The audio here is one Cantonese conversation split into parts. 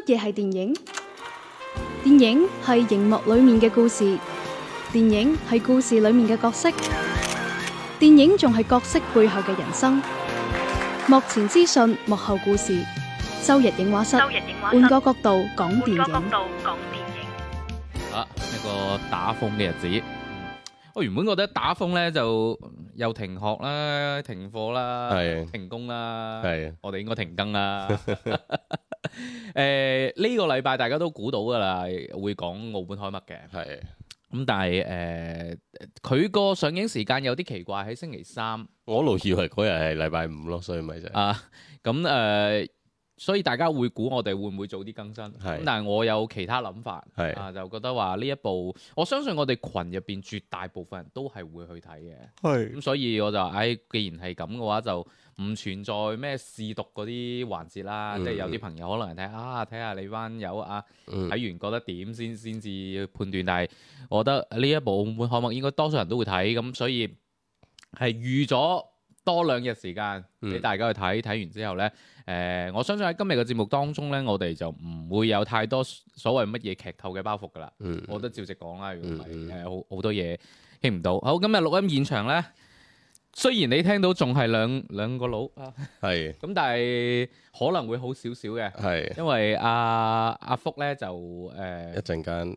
乜嘢係電影？電影係熒幕裏面嘅故事，電影係故事裏面嘅角色，電影仲係角色背後嘅人生。幕前資訊，幕後故事。周日映畫室，換個角度講電影。好，呢個打風嘅日子。我原本覺得打風咧就又停學啦、停課啦、停工啦，係，我哋應該停更啦。誒呢個禮拜大家都估到㗎啦，會講澳門開麥奧本海默嘅。係，咁但係誒佢個上映時間有啲奇怪，喺星期三。我老以為嗰日係禮拜五咯，所以咪就啊咁誒。所以大家會估我哋會唔會早啲更新？咁是但係我有其他諗法，是啊就覺得話呢一部，我相信我哋群入邊絕大部分人都係會去睇嘅。咁是、嗯、所以我就誒、哎，既然係咁嘅話，就唔存在咩試毒嗰啲環節啦，即係、嗯、有啲朋友可能睇啊，睇下你班友啊睇完覺得點先先至判斷。嗯、但係我覺得呢一部《奧本海默》應該多數人都會睇，咁所以係預咗。多兩日時間俾大家去睇，睇、嗯、完之後呢，誒、呃，我相信喺今日嘅節目當中呢，我哋就唔會有太多所謂乜嘢劇透嘅包袱㗎啦。嗯、我都照直講啦，如果唔係好好多嘢聽唔到。好，今日錄音現場呢，雖然你聽到仲係兩兩個佬，係、啊，咁是、 嗯、但係可能會好少少嘅，係是，因為阿、啊、阿福呢就誒、呃、一陣間。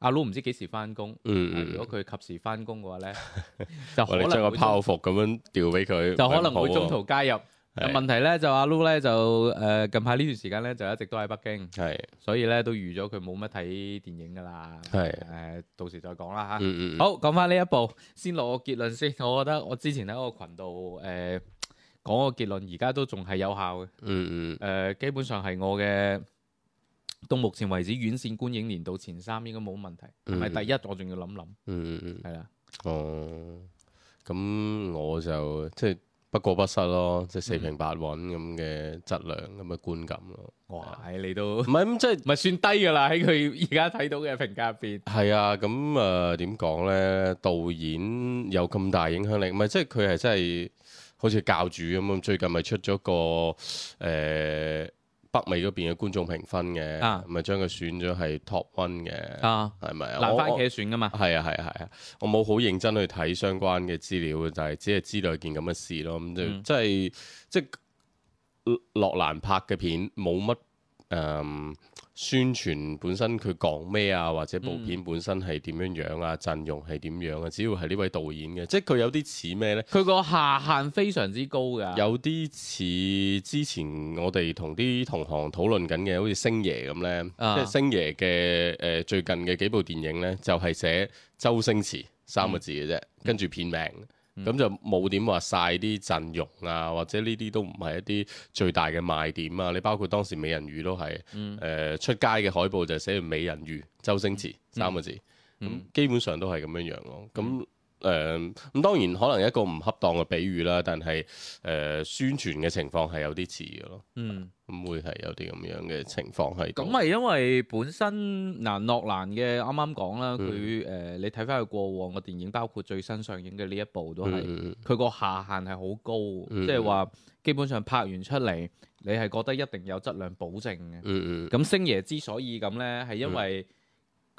阿 Lu 唔知幾時翻工，嗯，如果佢及時翻工嘅話咧，就可能我哋將個泡芙咁樣調俾佢，就可能會中途加入。問題咧就阿 Lu 咧就誒近排呢段時間咧就一直都喺北京，係，所以咧都預咗佢冇乜睇電影㗎啦，係，誒到時再講啦嚇。嗯嗯好，講翻呢一部先攞個結論先，我覺得我之前喺個群度誒講個結論，而家都仲係有效嘅。嗯嗯。誒，基本上係我嘅。到目前為止，院線觀影年度前三應該冇問題，唔係第一？我仲、嗯、要諗諗。嗯嗯嗯，係、嗯、啦。哦、嗯，咁、嗯、我就即係不過不失咯，即係四平八穩咁嘅質量咁嘅觀感咯。哇、嗯！你都唔係咁即係，唔係算低㗎啦喺佢而家睇到嘅評價入邊。係啊，咁誒點講咧？導演有咁大影響力，唔係即係佢係真係好似教主咁。最近咪出咗個誒。Eh, 北美嗰邊嘅觀眾評分嘅，咪將佢選咗係 top one 嘅，係咪啊？爛番茄選噶嘛？係啊係啊係啊，啊！我冇好認真去睇相關嘅資料嘅，但係只係知道一件咁嘅事咯。咁、嗯、就即係即係諾蘭拍嘅片冇乜誒。嗯宣傳本身佢講咩啊，或者部片本身係點樣樣啊，嗯、陣容係點樣啊，只要係呢位導演嘅，即係佢有啲似咩呢？佢個下限非常之高㗎。有啲似之前我哋同啲同行討論緊嘅，好似星爺咁呢。啊、即係星爺嘅誒、呃、最近嘅幾部電影呢，就係、係、寫周星馳三個字嘅啫，嗯、跟住片名。咁、嗯、就冇點話晒啲陣容啊，或者呢啲都唔係一啲最大嘅賣點啊。你包括當時美人魚都係，誒、嗯呃、出街嘅海報就寫住美人魚、周星馳三個字，咁、嗯嗯、基本上都係咁樣樣、啊、咯。咁誒咁當然可能一個唔恰當嘅比喻啦，但係誒宣傳嘅情況係有啲似嘅咯。嗯，咁會係有啲咁樣嘅情況喺度。咁係因為本身嗱諾蘭嘅啱啱講啦，佢誒你睇翻佢過往嘅電影，包括最新上映嘅呢一部都係，佢個下限係好高，即係話基本上拍完出嚟，你係覺得一定有質量保證嘅。嗯，咁星爺之所以咁呢，係因為。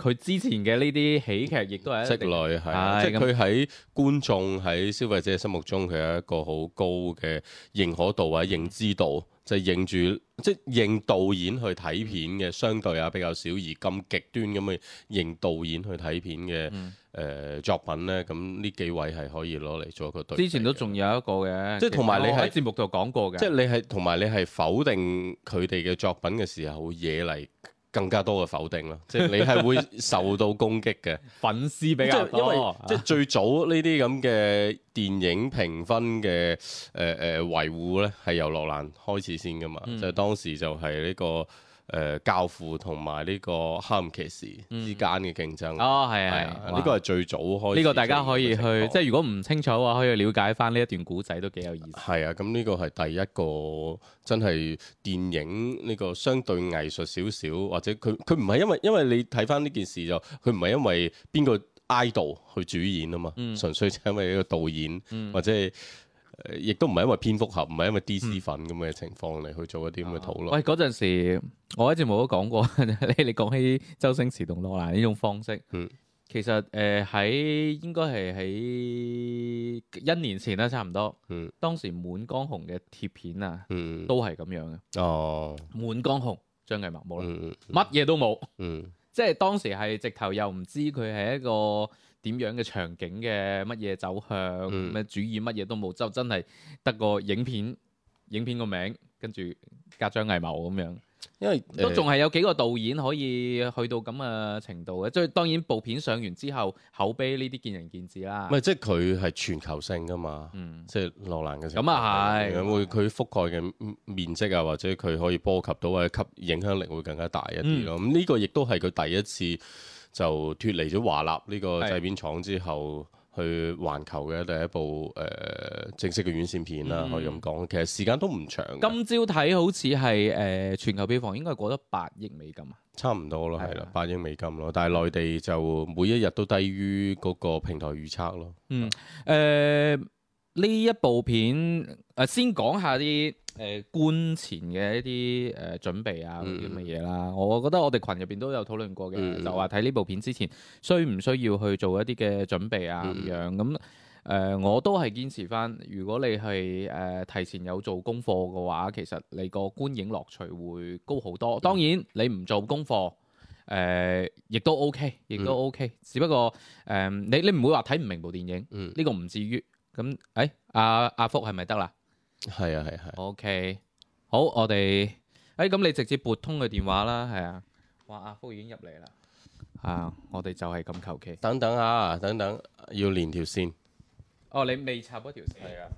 佢之前嘅呢啲喜劇，亦都係積累，係即係佢喺觀眾喺消費者心目中，佢係一個好高嘅認可度或者、認知度，就係認住即係認導演去睇片嘅，相對啊比較少，而咁極端咁嘅認導演去睇片嘅誒作品咧，咁呢幾位係可以攞嚟做一個對。之前都仲有一個嘅，即係同埋你喺節目度講過嘅，即係你係同埋你係否定佢哋嘅作品嘅時候，會惹嚟。更加多嘅否定咯，即係你係會受到攻擊嘅 粉絲比較多，即係最早呢啲咁嘅電影評分嘅誒誒維護咧，係由羅蘭開始先噶嘛，嗯、就係當時就係呢、呢個。誒、呃、教父同埋呢個黑暗騎士之間嘅競爭，嗯、哦係係，呢個係最早開始，呢個大家可以去，即係如果唔清楚嘅話可以去了解翻呢一段古仔都幾有意思。係、嗯、啊，咁呢個係第一個真係電影呢個相對藝術少少，或者佢佢唔係因為因為你睇翻呢件事就佢唔係因為邊個 idol 去主演啊嘛，純粹就因為一個導演、嗯、或者係。亦都唔係因為蝙蝠俠，唔係因為 DC 粉咁嘅情況嚟去做一啲咁嘅討論。嗯啊、喂，嗰陣時，我一直冇都講過， 你你講起周星馳同羅蘭呢種方式，嗯、其實誒喺、呃、應該係喺一年前啦，差唔多，嗯，當時滿江紅嘅貼片啊，嗯、都係咁樣嘅，哦，滿江紅張藝謀冇啦，乜嘢、嗯嗯嗯、都冇，嗯、即係當時係直頭又唔知佢係一個。點樣嘅場景嘅乜嘢走向，咩主意乜嘢都冇，就、嗯、真係得個影片，影片個名，跟住家張藝謀咁樣。因為都仲係有幾個導演可以去到咁嘅程度嘅。最、呃、當然部片上完之後，口碑呢啲見仁見智啦。唔係，即係佢係全球性噶嘛，嗯、即係羅蘭嘅。咁啊係，會佢覆蓋嘅面積啊，或者佢可以波及到或吸影響力會更加大一啲咯。咁呢、嗯嗯、個亦都係佢第一次。就脫離咗華納呢個製片廠之後，是去環球嘅第一部誒、呃、正式嘅院線片啦，可以咁講。嗯、其實時間都唔長。今朝睇好似係誒全球票房應該過咗八億美金啊，差唔多咯，係啦的，八億美金咯。但係內地就每一日都低於嗰個平台預測咯。嗯，誒、呃。呢一部片，誒先講下啲誒觀前嘅一啲誒、呃、準備啊嗰啲咁嘅嘢啦。啊、我覺得我哋群入邊都有討論過嘅，就話睇呢部片之前，需唔需要去做一啲嘅準備啊咁樣。咁、呃、誒，我都係堅持翻，如果你係誒、呃、提前有做功課嘅話，其實你個觀影樂趣會高好多。當然你唔做功課，誒、呃、亦都 OK，亦都 OK。只不過誒，你你唔會話睇唔明部電影，呢個唔至於。咁誒，阿阿福係咪得啦？係啊，係係。O K，好，我哋誒，咁你直接撥通佢電話啦，係啊。哇，阿福已經入嚟啦。啊，我哋就係咁求其。等等啊，等等，要連條線。哦，你未插嗰條線。係啊。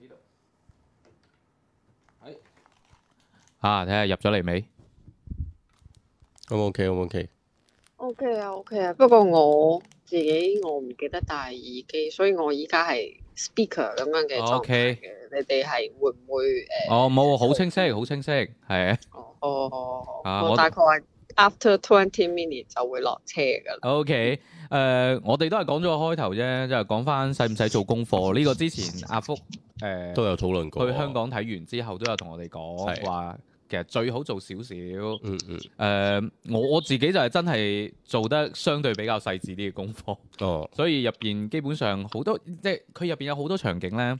呢度。哎。啊，睇下入咗嚟未？O 唔 O K，O 唔 O K。O K 啊，O K 啊，不過我。自己我唔記得戴耳機，所以我依家係 speaker 咁樣嘅 OK，你哋係會唔會誒？哦、oh, 呃，冇，好清晰，好、呃、清晰，係啊、嗯。哦哦是哦，哦我大概 after twenty minutes 就會落車噶啦。OK，誒、uh，我哋都係講咗個開頭啫，就係講翻使唔使做功課呢 個。之前阿福誒、呃、都有討論過，去香港睇完之後都有同我哋講話。是其實最好做少少、嗯，嗯嗯，誒、呃，我自己就係真係做得相對比較細緻啲嘅功課、哦呃哦，哦，所以入邊基本上好多，即係佢入邊有好多場景咧。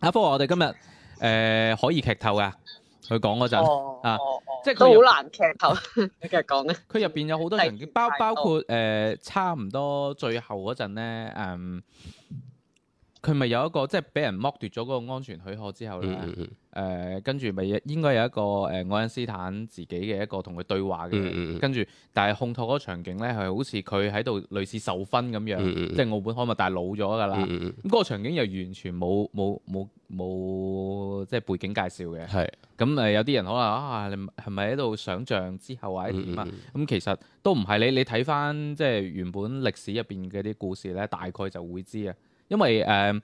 阿科話我哋今日誒可以劇透㗎，佢講嗰陣啊，即係佢好難劇透，你繼續講咧。佢入邊有好多場景，包括包括誒、呃、差唔多最後嗰陣咧，嗯。佢咪有一個即係俾人剝奪咗嗰個安全許可之後咧，誒、嗯嗯呃，跟住咪應該有一個誒愛因斯坦自己嘅一個同佢對話嘅，跟住、嗯嗯，但係烘托嗰個場景咧係好似佢喺度類似受婚咁樣，嗯嗯即係奧本海默，但係老咗噶啦，咁嗰個場景又完全冇冇冇冇即係背景介紹嘅。係咁誒，有啲人可能啊，你係咪喺度想像之後或者點啊？咁其實都唔係，你你睇翻即係原本歷史入邊嘅啲故事咧，大概就會知啊。因為誒，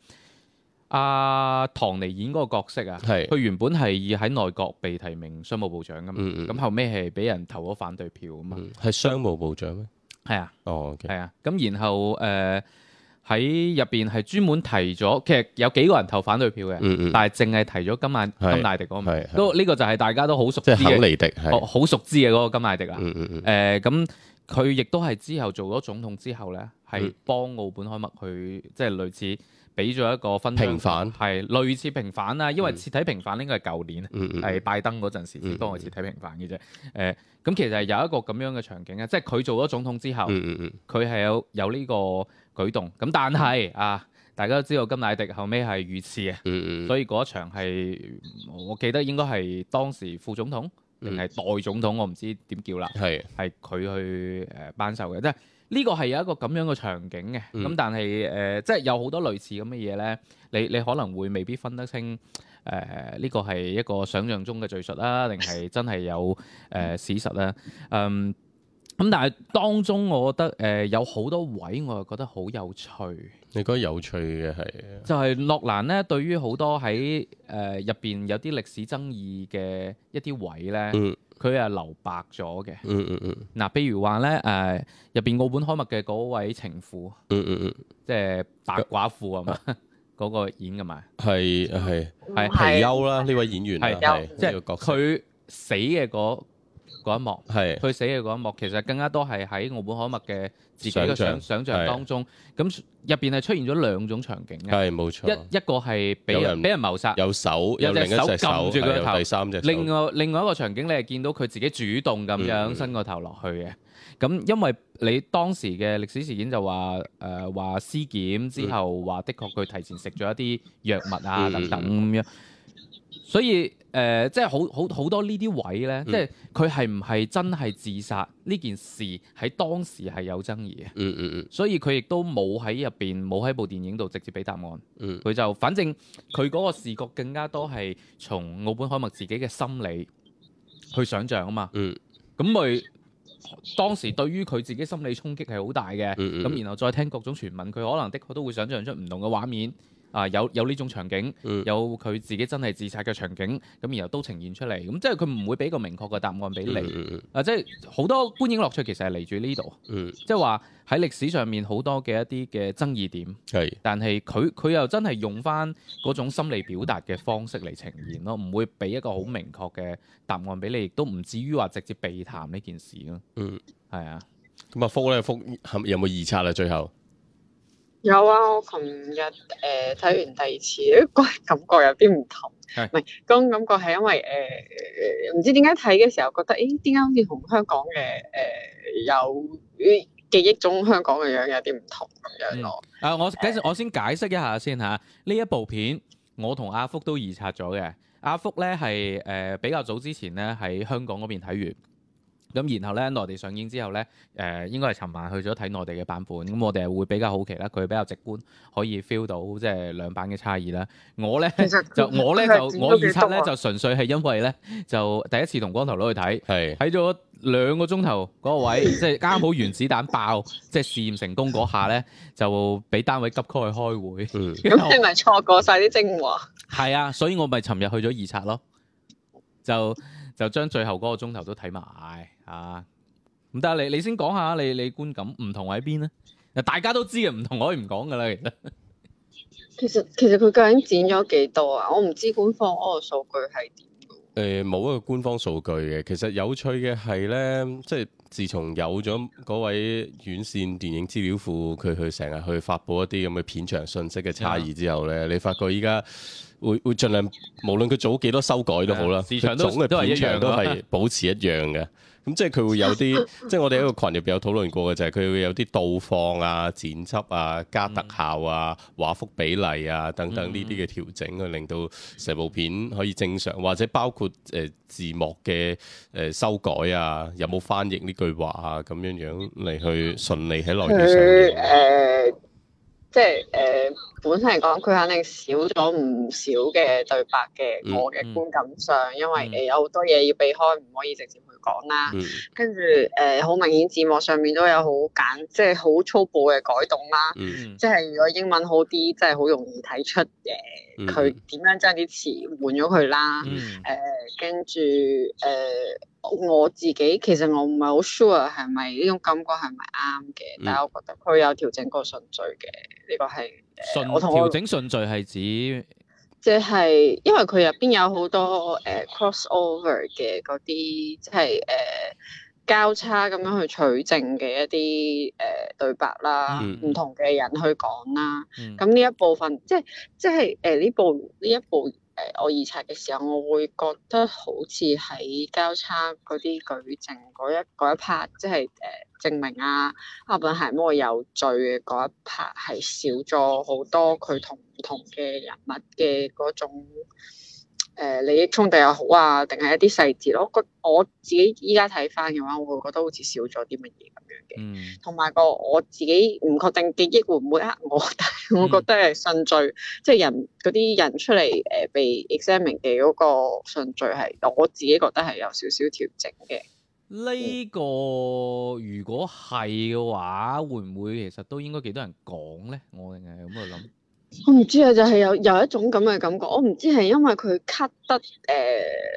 阿唐尼演嗰個角色啊，係佢原本係以喺內閣被提名商務部長噶嘛，咁後尾係俾人投咗反對票噶嘛，係商務部長咩？係啊，哦，係啊，咁然後誒喺入邊係專門提咗，其實有幾個人投反對票嘅，但係淨係提咗今晚甘迺迪嗰個名，都呢個就係大家都好熟，即係肯尼迪，好熟知嘅嗰個甘迺迪啊，誒，咁佢亦都係之後做咗總統之後咧。係幫奧本海默去即係、就是、類似俾咗一個分章，係反類似平反啊。因為徹底平反應該係舊年，係、嗯嗯嗯、拜登嗰陣時先幫我徹底平反嘅啫。誒、嗯嗯嗯，咁、嗯、其實有一個咁樣嘅場景啊，即係佢做咗總統之後，佢係、嗯嗯嗯、有有呢個舉動。咁但係啊，大家都知道甘迺迪後尾係遇刺啊，所以嗰場係我記得應該係當時副總統定係代總統，我唔知點叫啦。係係佢去誒頒授嘅，即係、嗯。呢個係有一個咁樣嘅場景嘅，咁、嗯、但係誒、呃，即係有好多類似咁嘅嘢呢，你你可能會未必分得清誒呢、呃呢個係一個想像中嘅敘述啦，定係真係有誒事、呃、實啦？嗯、呃。咁但係當中，我覺得誒有好多位，我係覺得好有趣。你覺得有趣嘅係？就係諾蘭咧，對於好多喺誒入邊有啲歷史爭議嘅一啲位咧，佢係留白咗嘅。嗯嗯嗯。嗱，譬如話咧誒，入邊奧本海默嘅嗰位情婦，嗯嗯嗯，即係白寡婦啊嘛，嗰個演㗎嘛，係係係皮丘啦呢位演員，係即係佢死嘅嗰一幕係佢是死嘅一幕，其實更加多係喺奧本海默嘅自己嘅想想象當中。咁入邊係出現咗兩種場景嘅，係冇錯。一一個係俾人俾人，人謀殺，有手有隻手撳住佢頭，第三隻手另外另外一個場景，你係見到佢自己主動咁樣伸個頭落去嘅。咁、嗯嗯、因為你當時嘅歷史事件就話誒話屍檢之後話，的確佢提前食咗一啲藥物啊等等咁樣。嗯嗯所以誒、呃，即係好好好多呢啲位呢，嗯、即係佢係唔係真係自殺呢件事喺當時係有爭議嘅、嗯。嗯嗯嗯。所以佢亦都冇喺入邊冇喺部電影度直接俾答案。佢、嗯、就反正佢嗰個視覺更加多係從奧本海默自己嘅心理去想像啊嘛嗯。嗯。咁佢當時對於佢自己心理衝擊係好大嘅。咁、嗯嗯嗯、然後再聽各種傳聞，佢可能的確都會想像出唔同嘅畫面。啊，有有呢種場景，有佢自己真係自殺嘅場景，咁然後都呈現出嚟，咁即係佢唔會俾個明確嘅答案俾你，啊、嗯，即係好多觀影樂趣其實係嚟住呢度，嗯、即係話喺歷史上面好多嘅一啲嘅爭議點，係的，但係佢佢又真係用翻嗰種心理表達嘅方式嚟呈現咯，唔會俾一個好明確嘅答案俾你，亦都唔至於話直接避談呢件事咯，嗯，係啊的，咁阿福咧，福有冇預測啦？最後有有。有啊，我琴日誒睇、呃、完第二次，個感覺有啲唔同，唔係嗰種感覺係因為誒唔、呃、知點解睇嘅時候覺得，誒點解好似同香港嘅誒有記憶中香港嘅樣有啲唔同咁樣咯、嗯。啊，我解、呃、我先解釋一下先嚇，呢、啊、一部片我同阿福都預察咗嘅，阿福咧係誒比較早之前咧喺香港嗰邊睇完。咁然後咧內地上映之後咧，誒應該係尋晚去咗睇內地嘅版本。咁我哋係會比較好奇啦，佢比較直觀可以 feel 到即係兩版嘅差異啦。我咧就我咧就我二刷咧就純粹係因為咧就第一次同光頭佬去睇，係睇咗兩個鐘頭嗰個位，即係啱好原子彈爆，即係試驗成功嗰下咧就俾單位急 call 去開會。咁你咪錯過晒啲精華。係啊，所以我咪尋日去咗二刷咯，就就將最後嗰個鐘頭都睇埋。啊，唔得你你先講下你你觀感唔同喺邊咧？大家都知嘅，唔同可以唔講噶啦。其實其實佢究竟剪咗幾多啊？我唔知官方嗰個數據係點誒，冇、欸、一個官方數據嘅。其實有趣嘅係咧，即係自從有咗嗰位院線電影資料庫，佢去成日去發布一啲咁嘅片場信息嘅差異之後咧，嗯、你發覺依家會會盡量無論佢做幾多修改都好啦，嗯、市場都係一樣都係保持一樣嘅。嗯咁、嗯、即係佢會有啲， 即係我哋喺個群入邊有討論過嘅就係佢會有啲倒放啊、剪輯啊、加特效啊、畫幅比例啊等等呢啲嘅調整，去令到成部片可以正常，或者包括誒字幕嘅誒修改啊，有冇翻譯呢句話啊咁樣樣嚟去順利喺內地上映。即係誒。 啊就是啊本身嚟講，佢肯定少咗唔少嘅對白嘅。我嘅觀感上，因為誒有好多嘢要避開，唔可以直接去講啦。跟住誒，好明顯字幕上面都有好簡，即係好粗暴嘅改動啦。即係如果英文好啲，即係好容易睇出誒佢點樣將啲詞換咗佢啦。誒，跟住誒，我自己其實我唔係好 sure 係咪呢種感覺係咪啱嘅，但係我覺得佢有調整過順序嘅，呢個係。順調整順序係指，即係、呃就是、因為佢入邊有好多誒、呃、cross over 嘅嗰啲，即係誒交叉咁樣去取證嘅一啲誒、呃、對白啦，唔、嗯、同嘅人去講啦。咁呢、嗯、一部分，即係即係誒呢部呢、嗯、一部。誒我二刷嘅時候，我會覺得好似喺交叉嗰啲舉證嗰一一 part，即係誒證明啊阿本係冇有，有罪嘅嗰一 part，係少咗好多佢同唔同嘅人物嘅嗰種。誒、呃、利益衝突又好啊，定係一啲細節咯。我自己依家睇翻嘅話，我會覺得好似少咗啲乜嘢咁樣嘅。同埋、嗯、個我自己唔確定記憶會唔會呃我，但係我覺得係順序，嗯、即係人嗰啲人出嚟誒被 examining 嘅嗰個順序係我自己覺得係有少少調整嘅。呢、這個如果係嘅話，會唔會其實都應該幾多人講咧？我係咁去諗。我唔知啊，就係、是、有有一種咁嘅感覺，我唔知係因為佢 cut 得誒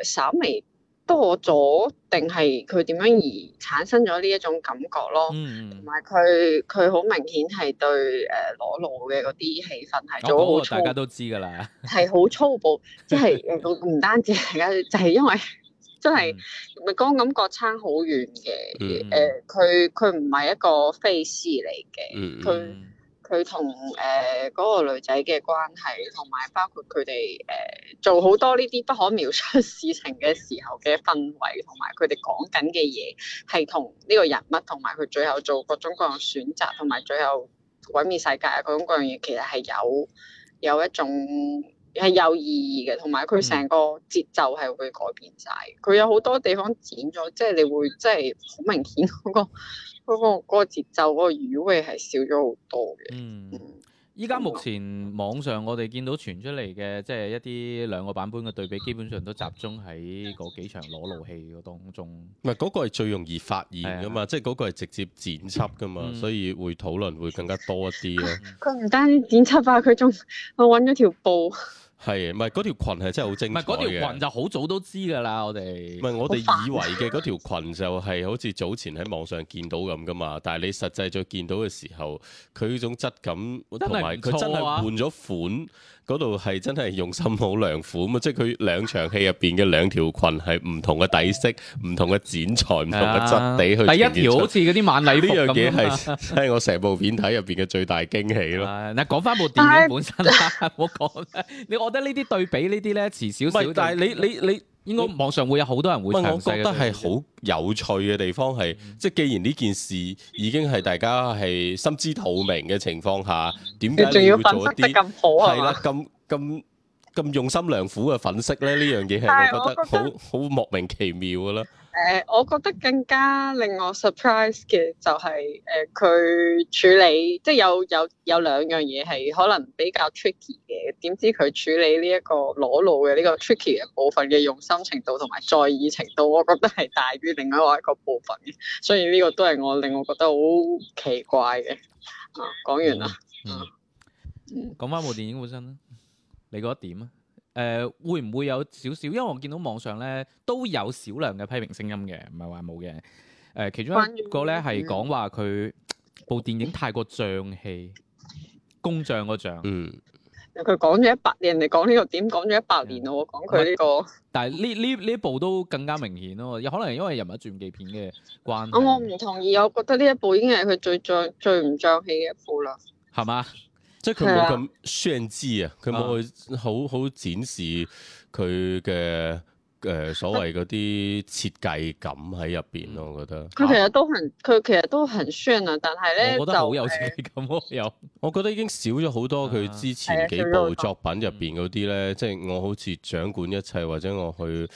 稍微多咗，定係佢點樣而產生咗呢一種感覺咯。同埋佢佢好明顯係對誒裸露嘅嗰啲氣氛係做好粗，大家都知噶啦，係 好粗暴，即係唔、呃、單止大家， 就係因為真係咪光感覺差好遠嘅，誒佢佢唔係一個 face 嚟嘅，嗯佢同誒嗰個女仔嘅關係，同埋包括佢哋誒做好多呢啲不可描述事情嘅時候嘅氛圍，同埋佢哋講緊嘅嘢，係同呢個人物同埋佢最後做各種各樣選擇，同埋最後毀滅世界啊各種各樣嘢，其實係有有一種係有意義嘅，同埋佢成個節奏係會改變晒。佢有好多地方剪咗，即係你會即係好明顯嗰個 嗰個嗰個節奏嗰個語味係少咗好多嘅。嗯，依家目前網上我哋見到傳出嚟嘅，即係一啲兩個版本嘅對比，基本上都集中喺嗰幾場裸露戲嘅當中。唔係嗰個係最容易發現噶嘛，的即係嗰個係直接剪輯噶嘛，嗯、所以會討論會更加多一啲咯。佢唔 單止剪輯啊，佢仲我揾咗條布。係，唔係嗰條裙係真係好精彩。唔係嗰條裙就好早都知㗎啦，我哋。唔係我哋以為嘅嗰條裙就係好似早前喺網上見到咁㗎嘛，但係你實際再見到嘅時候，佢呢種質感同埋佢真係、啊、換咗款。嗰度係真係用心好良苦嘛，即係佢兩場戲入邊嘅兩條裙係唔同嘅底色、唔 同嘅剪裁、唔 同嘅質地去。 第一條好似嗰啲晚禮服呢樣嘢係 我成部片睇入邊嘅最大驚喜咯。嗱、 啊，講翻部電影本身啦，唔好講啦。你覺得呢啲對比呢啲咧遲少少是？ 但係你你你。你你應該網上會有好多人會，我覺得係好有趣嘅地方係，即係既然呢件事已經係大家係心知肚明嘅情況下，點解仲要做得咁好啊？係啦，咁咁咁用心良苦嘅粉飾咧？呢樣嘢係我覺得好好莫名其妙噶啦。誒，uh, 我覺得更加令我 surprise 嘅就係、是，誒，佢處理即係有有有兩樣嘢係可能比較 tricky 嘅，點知佢處理呢一個裸露嘅呢、這個 tricky 嘅部分嘅用心程度同埋在意程度，我覺得係大於另外一個部分嘅，所以呢個都係我令我覺得好奇怪嘅。Uh, 講完嗯、啊，講完啦。嗯。講翻部電影本身啦，你覺得點啊？誒、呃，會唔會有少少？因為我見到網上咧都有少量嘅批評聲音嘅，唔係話冇嘅。誒、呃，其中一個咧係講話佢部電影太過匠氣，工匠個匠。嗯。佢講咗一百，人哋講呢個點講咗一百年咯，我講佢呢個。但係呢呢呢部都更加明顯咯，有可能因為人物傳記片嘅關係。啊，我唔同意，我覺得呢一部已經係佢最匠、最唔匠氣嘅一部啦。係嘛？即係佢冇咁炫知啊。佢冇、啊、去好好展示佢嘅誒所謂嗰啲設計感喺入邊咯，我覺得。佢其實都很佢、啊、其實都很炫啊，但係咧我覺得好有設計感咯。就是、我有我覺得已經少咗好多佢之前幾部作品入邊嗰啲咧，即係、啊、我好似掌管一切或者我去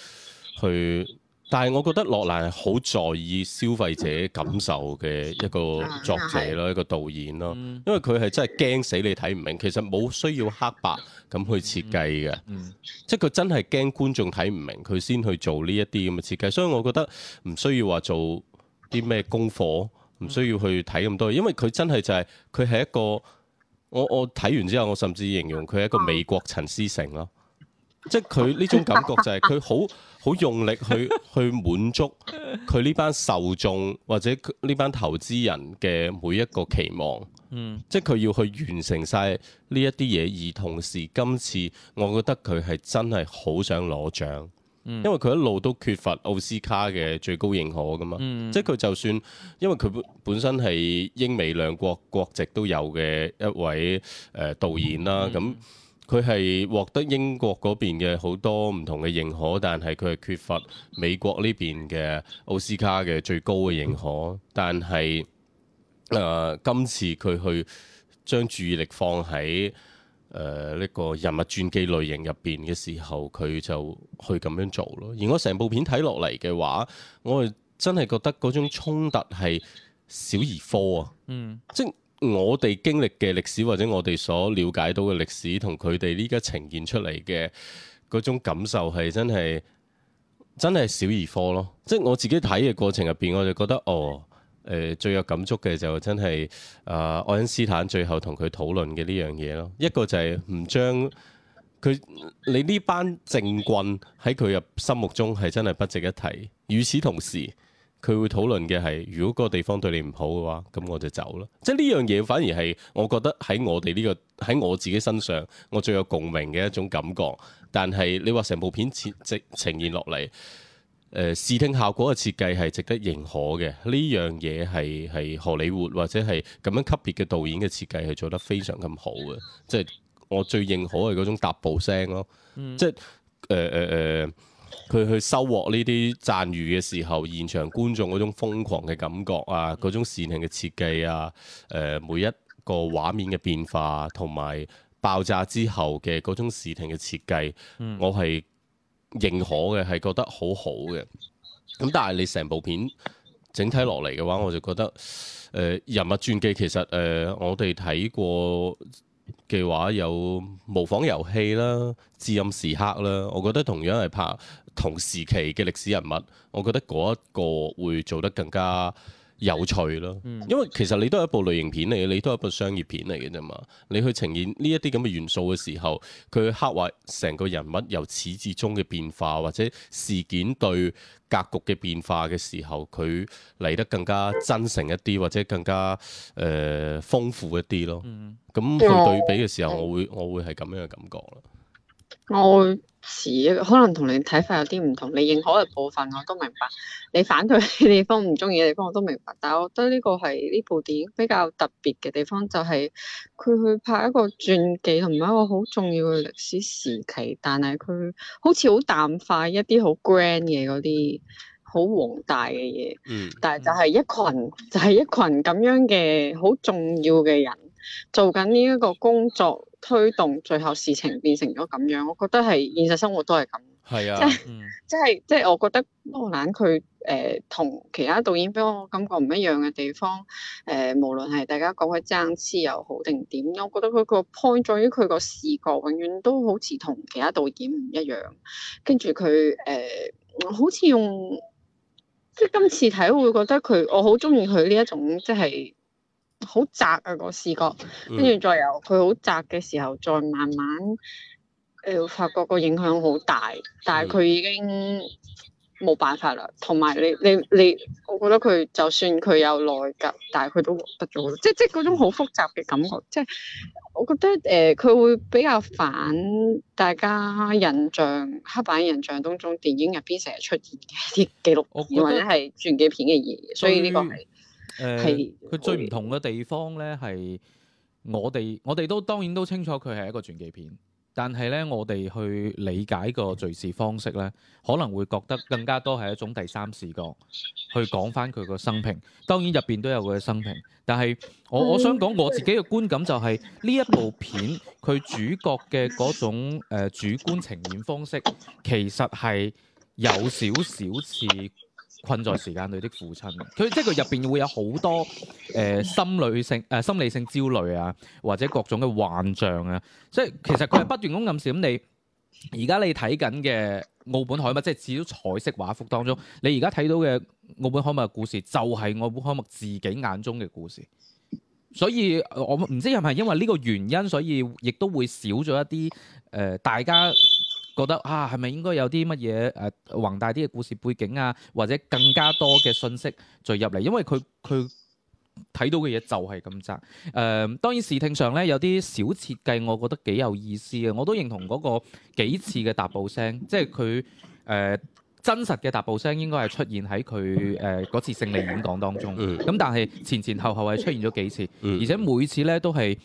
去。但係，我覺得諾蘭係好在意消費者感受嘅一個作者咯，嗯、一個導演咯。嗯、因為佢係真係驚死你睇唔明，其實冇需要黑白咁去設計嘅。嗯嗯、即係佢真係驚觀眾睇唔明，佢先去做呢一啲咁嘅設計。所以我覺得唔需要話做啲咩功課，唔需要去睇咁多，因為佢真係就係佢係一個我我睇完之後，我甚至形容佢係一個美國陳思成咯。即係佢呢種感覺就係佢好。 好 用力去去滿足佢呢班受眾，或者呢班投資人嘅每一個期望，嗯，即係佢要去完成晒呢一啲嘢，而同時今次我覺得佢係真係好想攞獎，嗯，因為佢一路都缺乏奧斯卡嘅最高認可噶嘛，嗯，即係佢就算因為佢本身係英美兩國國籍都有嘅一位誒導演啦，咁，嗯。佢係獲得英國嗰邊嘅好多唔同嘅認可，但係佢係缺乏美國呢邊嘅奧斯卡嘅最高嘅認可。嗯、但係誒、呃，今次佢去將注意力放喺誒呢個人物傳記類型入邊嘅時候，佢就去咁樣做咯。而我成部片睇落嚟嘅話，我係真係覺得嗰種衝突係小兒科啊！嗯，即我哋經歷嘅歷史，或者我哋所了解到嘅歷史，同佢哋呢家呈現出嚟嘅嗰種感受是是，係真係真係小兒科咯。即係我自己睇嘅過程入邊，我就覺得，哦，誒、呃，最有感觸嘅就是真係啊、呃、愛因斯坦最後同佢討論嘅呢樣嘢咯。一個就係唔將佢你呢班政棍喺佢入心目中係真係不值一提。與此同時，佢會討論嘅係，如果嗰個地方對你唔好嘅話，咁我就走囉。即係呢樣嘢反而係，我覺得喺我哋呢個喺我自己身上，我最有共鳴嘅一種感覺。但係你話成部片設即呈現落嚟，誒、呃、視聽效果嘅設計係值得認可嘅。呢樣嘢係係荷里活或者係咁樣級別嘅導演嘅設計係做得非常咁好嘅。即係我最認可嘅嗰種踏步聲咯。嗯、即係誒誒誒。呃呃呃佢去收穫呢啲讚譽嘅時候，現場觀眾嗰種瘋狂嘅感覺啊，嗰種視聽嘅設計啊，誒、呃、每一個畫面嘅變化，同埋爆炸之後嘅嗰種視聽嘅設計，嗯、我係認可嘅，係覺得好好嘅。咁但係你成部片整體落嚟嘅話，我就覺得誒、呃、人物傳記其實誒、呃、我哋睇過嘅話有模仿遊戲啦、自任時刻啦，我覺得同樣係拍。同時期嘅歷史人物，我覺得嗰一個會做得更加有趣咯。因為其實你都係一部類型片嚟嘅，你都係一部商業片嚟嘅啫嘛。你去呈現呢一啲咁嘅元素嘅時候，佢去刻畫成個人物由始至終嘅變化，或者事件對格局嘅變化嘅時候，佢嚟得更加真誠一啲，或者更加誒、呃、豐富一啲咯。咁去對比嘅時候，我會我會係咁樣嘅感覺啦。我會似，可能同你睇法有啲唔同。你認可嘅部分我都明白，你反對嘅地方、唔中意嘅地方我都明白。但係我覺得呢個係呢部電影比較特別嘅地方，就係佢去拍一個傳記，同埋一個好重要嘅歷史時期。但係佢好似好淡化一啲好 grand 嘅嗰啲好宏大嘅嘢。嗯。但係就係一群，就係一群咁樣嘅好重要嘅人做緊呢一個工作。推動最後事情變成咗咁樣，我覺得係現實生活都係咁。係啊，即係即係即係，我覺得諾蘭佢誒同其他導演俾我感覺唔一樣嘅地方誒，無論係大家講佢爭黐又好定點，我覺得佢個 point 在於佢個視覺永遠都好似同其他導演唔一樣。跟住佢誒，呃、好似用即係今次睇會覺得佢，我好中意佢呢一種即係。就是好窄啊，個視覺，跟住再由佢好窄嘅時候，再慢慢誒、呃、發覺個影響好大，但係佢已經冇辦法啦。同埋你你你，我覺得佢就算佢有內疚，但係佢都得咗啦。即即係嗰種好複雜嘅感覺，即係我覺得誒，佢、呃、會比較反大家印象，黑板印象當中電影入邊成日出現嘅啲紀錄或者係傳記片嘅嘢，所以呢個係。嗯誒，佢、呃、是最唔同嘅地方呢，係我哋，我哋都當然都清楚佢係一個傳記片，但係呢，我哋去理解個敘事方式呢，可能會覺得更加多係一種第三視角去講翻佢個生平。當然入邊都有佢嘅生平，但係我我想講我自己嘅觀感就係、是、呢是一部片，佢主角嘅嗰種、呃、主觀呈現方式，其實係有少少似。困在時間裏的父親的，佢即係佢入邊會有好多誒、呃、心理性誒、呃、心理性焦慮啊，或者各種嘅幻象啊，所以其實佢係不斷咁暗示咁你，而家你睇緊嘅奧本海默，即係至少彩色畫幅當中，你而家睇到嘅奧本海默嘅故事，就係奧本海默自己眼中嘅故事，所以我唔知係咪因為呢個原因，所以亦都會少咗一啲誒、呃、大家，覺得啊，係咪應該有啲乜嘢誒宏大啲嘅故事背景啊，或者更加多嘅信息聚入嚟？因為佢佢睇到嘅嘢就係咁窄。誒、呃，當然視聽上咧有啲小設計，我覺得幾有意思嘅。我都認同嗰個幾次嘅踏步聲，即係佢誒真實嘅踏步聲應該係出現喺佢誒嗰次勝利演講當中。咁但係前前後後係出現咗幾次，而且每次咧都係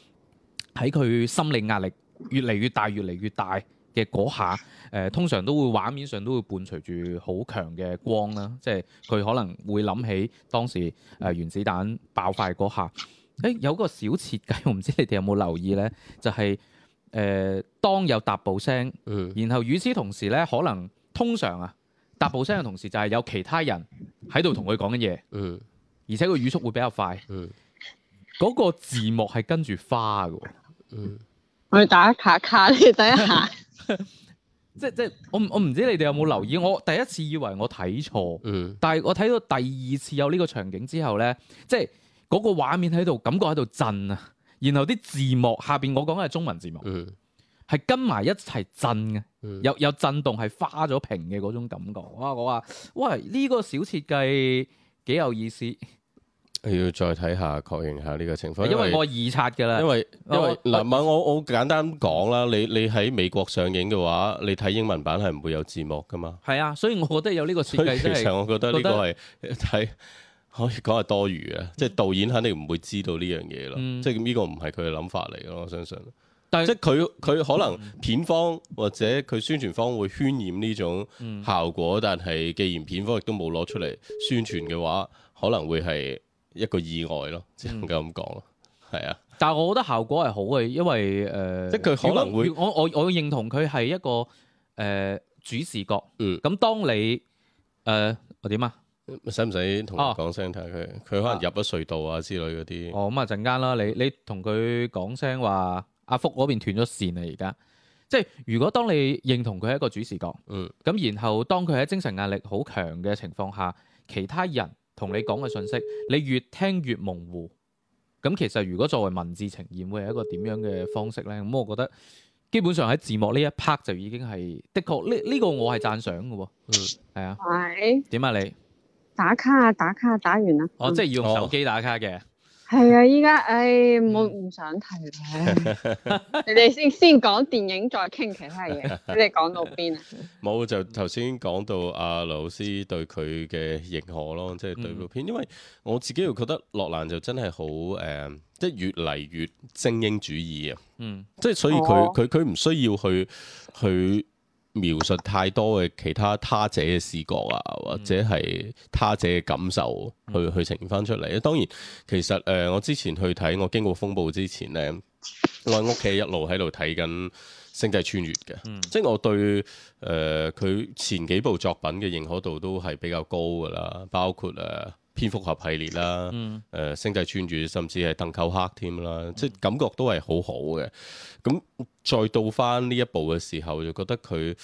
喺佢心理壓力越嚟越大，越嚟越大。嘅嗰下，誒、呃、通常都會畫面上都會伴隨住好強嘅光啦，即係佢可能會諗起當時誒、呃、原子彈爆發嗰下。誒有個小設計，我唔知你哋有冇留意呢，就係、是、誒、呃、當有踏步聲，嗯、然後與此同時呢，可能通常啊踏步聲嘅同時就係有其他人喺度同佢講緊嘢，嗯，而且個語速會比較快，嗯，嗰個字幕係跟住花㗎，嗯，我哋打卡卡，你等一下。 即即我唔知你哋有冇留意，我第一次以為我睇錯，但係我睇到第二次有呢個場景之後呢，即係嗰個畫面喺度，感覺喺度震啊，然後啲字幕下邊我講嘅係中文字幕，係跟埋一齊震嘅，有有震動係花咗屏嘅嗰種感覺，我話我話喂，呢個小設計幾有意思。你要再睇下，確認下呢個情況。因為我預測㗎啦。因為因為嗱，因為、啊、我我，我簡單講啦，你你喺美國上映嘅話，你睇英文版係唔會有字幕㗎嘛？係啊，所以我覺得有呢個設計、就是。其實我覺得呢個係睇得可以講係多餘嘅，即、就、係、是、導演肯定唔會知道呢樣嘢咯。即係呢個唔係佢嘅諗法嚟咯，我相信。但係是即係佢佢可能片方或者佢宣傳方會渲染呢種效果，嗯、但係既然片方亦都冇攞出嚟宣傳嘅話，可能會係。一個意外咯，只能夠咁講咯，係、嗯、啊。但係我覺得效果係好嘅，因為誒，即係佢可能會，我我我認同佢係一個誒、呃、主視角。嗯。咁當你誒我點、呃、啊？使唔使同佢講聲睇下佢？佢可能入咗隧道啊之類嗰啲、啊。哦些，咁啊陣間啦，你你同佢講聲話阿福嗰邊斷咗線啊！而家，即係如果當你認同佢係一個主視角，嗯。咁、嗯、然後當佢喺精神壓力好強嘅情況下，其他人。啊 um, 同你講嘅信息，你越聽越模糊。咁其實如果作為文字呈現，會係一個點樣嘅方式呢？咁我覺得基本上喺字幕呢一 part 就已經係的確呢呢、呢個我係讚賞嘅喎。嗯，係啊。喂是。點啊你？打卡啊打卡，打完啦。我、oh, 即係要用手機打卡嘅。係啊，依家唉，冇唔想提 你哋先先講電影，再傾其他嘢。你哋講到邊啊？冇 就頭先講到阿劉老師對佢嘅認可咯，即係對部片。嗯，因為我自己又覺得諾蘭就真係好誒、呃，即係越嚟越精英主義啊。嗯，即係所以佢佢佢唔需要去去。描述太多嘅其他他者嘅視覺啊，或者係他者嘅感受，去去呈現翻出嚟。當然，其實誒、呃、我之前去睇我經過風暴之前呢，我喺屋企一路喺度睇緊《星際穿越》嘅、嗯，即係我對誒佢、呃、前幾部作品嘅認可度都係比較高㗎啦，包括誒。呃蝙蝠俠系列啦，誒、嗯呃、星際穿越，甚至係《鄧寇克》添啦，即係感覺都係好好嘅。咁、嗯、再到翻呢一部嘅時候，我就覺得佢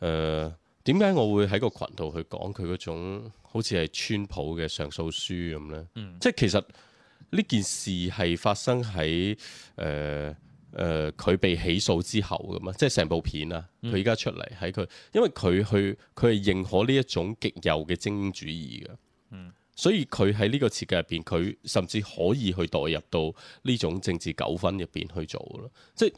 誒點解我會喺個群度去講佢嗰種好似係川普嘅上訴書咁咧？嗯、即係其實呢件事係發生喺誒誒佢被起訴之後咁啊，即係成部片啊。佢而家出嚟喺佢，因為佢去佢係認可呢一種極右嘅精英主義嘅。所以佢喺呢個設計入邊，佢甚至可以去代入到呢種政治糾紛入邊去做咯。即係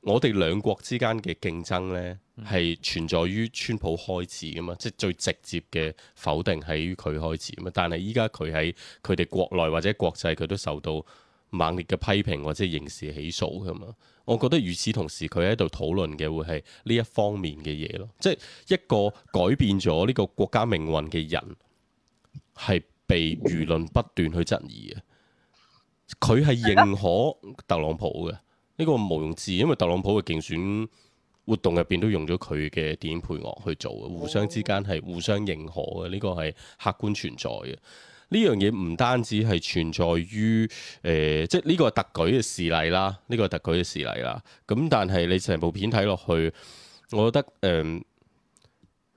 我哋兩國之間嘅競爭咧，係存在於川普開始噶嘛，即係最直接嘅否定喺於佢開始啊嘛。但係依家佢喺佢哋國內或者國際，佢都受到猛烈嘅批評或者刑事起訴噶嘛。我覺得與此同時，佢喺度討論嘅會係呢一方面嘅嘢咯，即係一個改變咗呢個國家命運嘅人。係被輿論不斷去質疑嘅，佢係認可特朗普嘅呢 個無庸置疑，因為特朗普嘅競選活動入邊都用咗佢嘅電影配樂去做，互相之間係互相認可嘅，呢、這個係客觀存在嘅。呢樣嘢唔單止係存在於誒，即係呢個特舉嘅事例啦，呢、這個特舉嘅事例啦。咁但係你成部片睇落去，我覺得誒，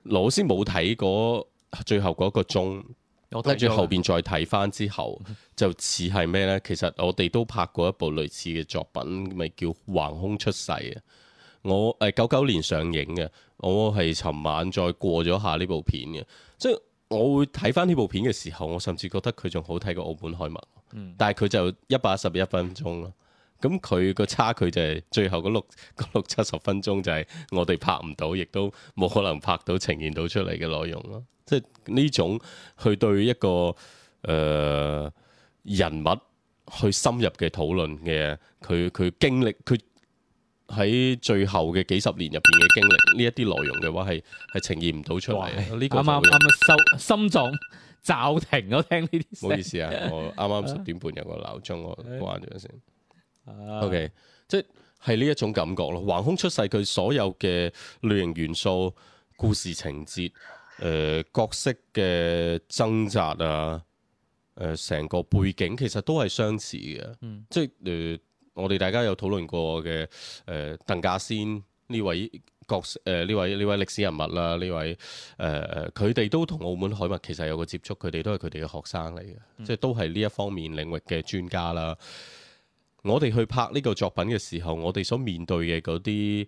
老師冇睇過最後嗰個鐘。我住後邊再睇返之後，就似係咩呢？其實我哋都拍過一部類似嘅作品，咪叫《橫空出世》啊！我誒九九年上映嘅，我係尋晚再過咗下呢部片嘅，即係我會睇返呢部片嘅時候，我甚至覺得佢仲好睇過《奧本海默》，但係佢就一百一十一分鐘咯。咁佢個差距就係最後嗰六六七十分鐘就係我哋拍唔到，亦都冇可能拍到呈現到出嚟嘅內容咯。即係呢種去對一個誒、呃、人物去深入嘅討論嘅，佢佢經歷佢喺最後嘅幾十年入邊嘅經歷呢一啲內容嘅話，係係呈現唔到出嚟。呢個啱啱啱啱收心臟驟停，咗聽呢啲。唔好意思啊，我啱啱十點半有個鬧鐘，我關咗先。O、okay, K，即係呢一種感覺咯。橫空出世，佢所有嘅類型元素、故事情節、誒、呃、角色嘅掙扎啊、誒、呃、成個背景，其實都係相似嘅。嗯、即係、呃、我哋大家有討論過嘅，誒鄧稼先呢位角色，誒呢、呃、位呢位歷史人物啦，呢位誒誒，佢哋都同奧本海默其實有個接觸，佢哋都係佢哋嘅學生嚟嘅，嗯、即係都係呢一方面領域嘅專家啦。我哋去拍呢個作品嘅時候，我哋所面對嘅嗰啲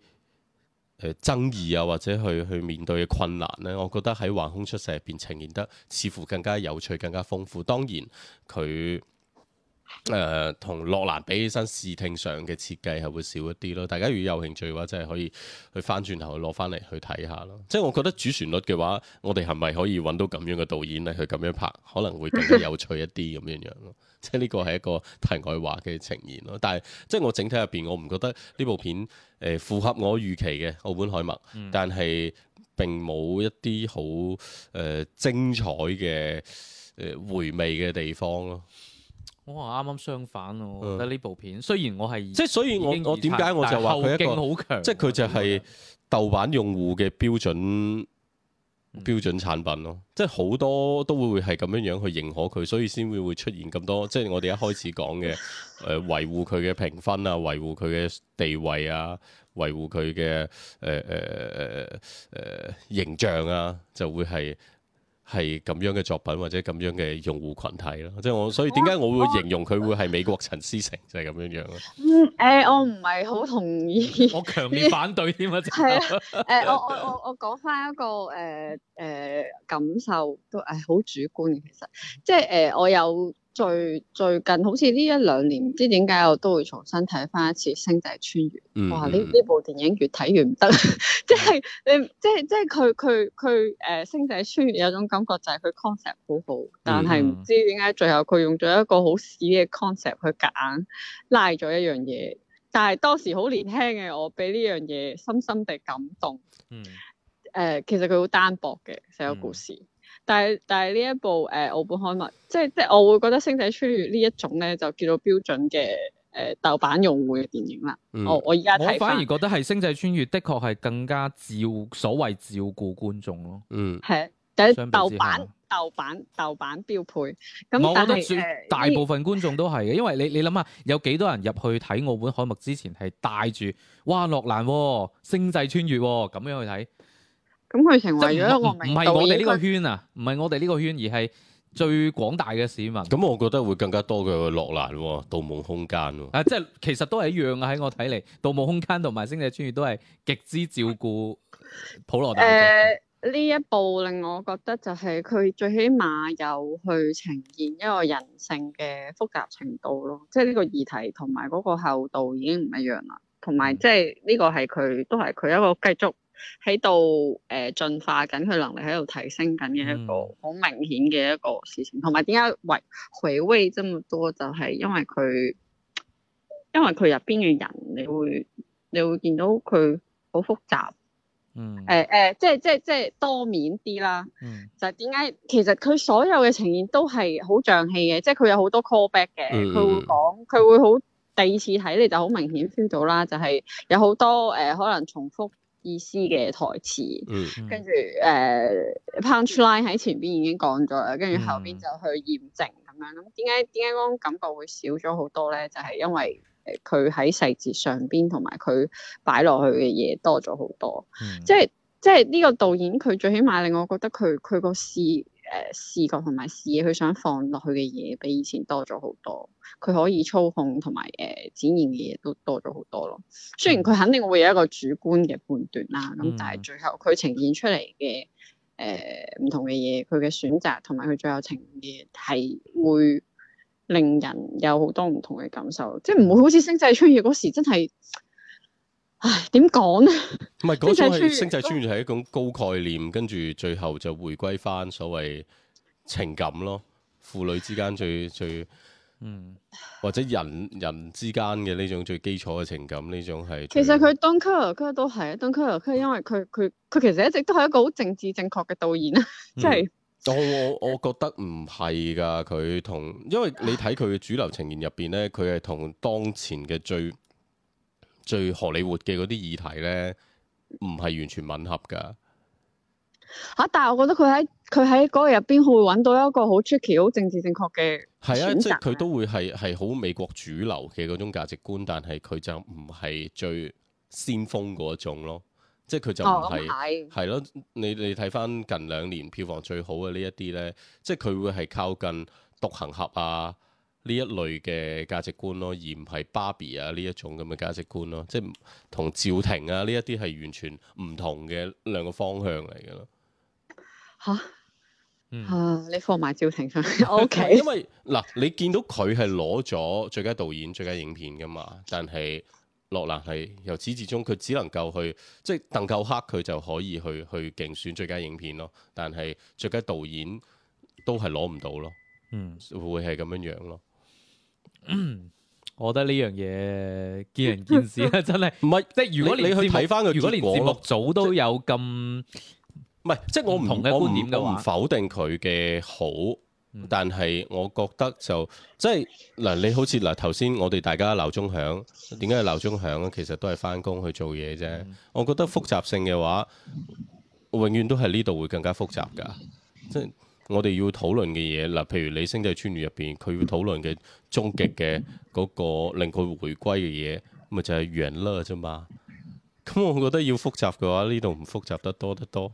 誒爭議啊，或者去去面對嘅困難呢，我覺得喺《橫空出世》入邊呈現得似乎更加有趣、更加豐富。當然，佢誒同諾蘭比起身，視聽上嘅設計係會少一啲咯。大家如果有興趣嘅話，真係可以去翻轉頭攞翻嚟去睇下咯。即係我覺得主旋律嘅話，我哋係咪可以揾到咁樣嘅導演呢去咁樣拍，可能會更加有趣一啲咁樣樣咯。 即係呢個係一個題外話嘅呈現咯，但係即係我整體入邊，我唔覺得呢部片誒、呃、符合我預期嘅《奧本海默》，嗯，但係並冇一啲好誒精彩嘅誒、呃、回味嘅地方咯。我話啱啱相反，嗯、我覺得呢部片雖然我係即係所以，我我點解我就話佢一個好強即係佢就係豆瓣用戶嘅標準。標準產品咯，即係好多都會會係咁樣樣去認可佢，所以先會會出現咁多，即係我哋一開始講嘅，誒、呃、維護佢嘅評分啊，維護佢嘅地位啊，維護佢嘅誒誒誒誒形象啊，就會係。係咁樣嘅作品或者咁樣嘅用戶群體咯，即係我所以點解我會形容佢會係美國陳思誠就係、是、咁樣樣咯。嗯，誒、呃，我唔係好同意。 我強烈反對添 啊！係、呃、啊，誒、 呃，我我我我講返一個誒誒、呃呃、感受都誒好主觀其實即係誒、呃、我有。最最近好似呢一兩年，唔知點解我都會重新睇翻一次《星際穿越》。嗯、哇！呢呢這部電影越睇越唔得，即係你即係即係佢佢佢誒《星際穿越》有種感覺就係佢 concept 好好，但係唔知點解最後佢用咗一個好屎嘅 concept 去夾硬拉咗一樣嘢。但係當時好年輕嘅我，俾呢樣嘢深深地感動。嗯。誒、呃，其實佢好單薄嘅，成個故事。嗯。但係但係呢一部誒、呃、澳本海默，即係即係我會覺得《星際穿越》呢一種咧就叫做標準嘅誒豆瓣用戶嘅電影啦。嗯、哦，我而家睇反而覺得係《星際穿越》的確係更加照所謂照顧觀眾咯。嗯，係，就係豆瓣豆瓣豆瓣標配，嗯。我覺得絕大部分觀眾都係嘅，呃、因為你你諗下，有幾多人入去睇《澳本海默》之前係帶住哇諾蘭、哦《星際穿越、哦》咁樣去睇？咁佢成為咗一個名導演，唔係我哋呢個圈啊，唔係該我哋呢個圈，而係最廣大嘅市民。咁、嗯、我覺得會更加多嘅落難喎，《盜夢空間》啊 啊，即係其實都係一樣啊！喺我睇嚟，《盜夢空間》同埋《星際穿越》都係極之照顧普羅大眾。呢、呃、一部令我覺得就係佢最起碼有去呈現一個人性嘅複雜程度咯，即係呢個議題同埋嗰個厚度已經唔一樣啦。同埋即係呢個係佢都係佢一個繼續。喺度誒進化緊佢能力喺度提升緊嘅一個好明顯嘅一個事情，同埋點解回回味咁多就係、是、因為佢，因為佢入邊嘅人你會你會見到佢好複雜，嗯，誒誒、呃呃、即係即係即係多面啲啦，嗯、就係點解其實佢所有嘅呈現都係好象戲嘅，即係佢有好多 call back 嘅，佢、嗯、會講佢會好第二次睇你就好明顯 feel 到啦，就係、是、有好多誒、呃、可能重複，重複。意思嘅台詞，嗯、跟住誒、uh, punch line 喺前邊已經講咗啦，跟住後邊就去驗證咁、嗯、樣。咁點解點解嗰種感覺會少咗好多咧？就係、是、因為誒佢喺細節上邊同埋佢擺落去嘅嘢多咗好多，嗯、即係即係呢個導演佢最起碼令我覺得佢佢個視。誒、呃、視覺同埋視野，佢想放落去嘅嘢比以前多咗好多，佢可以操控同埋誒展現嘅嘢都多咗好多咯。雖然佢肯定會有一個主觀嘅判斷啦，咁、嗯、但係最後佢呈現出嚟嘅誒唔同嘅嘢，佢嘅選擇同埋佢最後呈現嘅係會令人有好多唔同嘅感受，即係唔會好似《星際穿越》嗰時真係。唉，點講呢？唔係嗰種係星際穿越係一種高概念，跟住最後就回歸翻所謂情感咯，父女之間最最，最最嗯，或者人人之間嘅呢種最基礎嘅情感呢種係。其實佢當 Dunkirk 都係啊，當 Dunkirk 因為佢佢佢其實一直都係一個好政治正確嘅導演啊，即係。我我覺得唔係噶，佢同，因為你睇佢嘅主流情緣入邊咧，佢係同當前嘅最。最荷里活嘅嗰啲議題咧，唔係完全吻合噶嚇。啊，但係我覺得佢喺佢喺嗰個入邊，佢會揾到一個好出奇、好政治正確嘅。係啊，即係佢都會係係好美國主流嘅嗰種價值觀，但係佢就唔係最先鋒嗰種咯。即係佢就唔係係咯。你你睇翻近兩年票房最好嘅呢一啲咧，即係佢會係靠近獨行俠啊。呢一類嘅價值觀咯，而唔係芭比啊呢一種咁嘅價值觀咯，即係同趙婷啊呢一啲係完全唔同嘅兩個方向嚟嘅咯。嚇哈！嗯、啊，你放埋趙婷上，O K。 Okay 因為嗱，你見到佢係攞咗最佳導演、最佳影片噶嘛，但係諾蘭係由始至終佢只能夠去即係《鄧寇克》，佢就可以去去競選最佳影片咯，但係最佳導演都係攞唔到咯。嗯，會係咁樣樣咯。嗯、我覺得呢樣嘢，見仁見智啦，真係唔係即係如果你去睇翻佢，如果連節目，目組都有咁，即係，唔係即係我唔同嘅觀點都唔否定佢嘅好，嗯、但係我覺得就即係嗱你好似嗱頭先我哋大家鬧鐘響，點解要鬧鐘響咧？其實都係翻工去做嘢啫。嗯、我覺得複雜性嘅話，永遠都係呢度會更加複雜噶，即係。我哋要討論嘅嘢，嗱，譬如李星際穿越入邊，佢要討論嘅終極嘅嗰、嗰個令佢回歸嘅嘢，咪就係人啦啫嘛。咁我覺得要複雜嘅話，呢度唔複雜得多得多。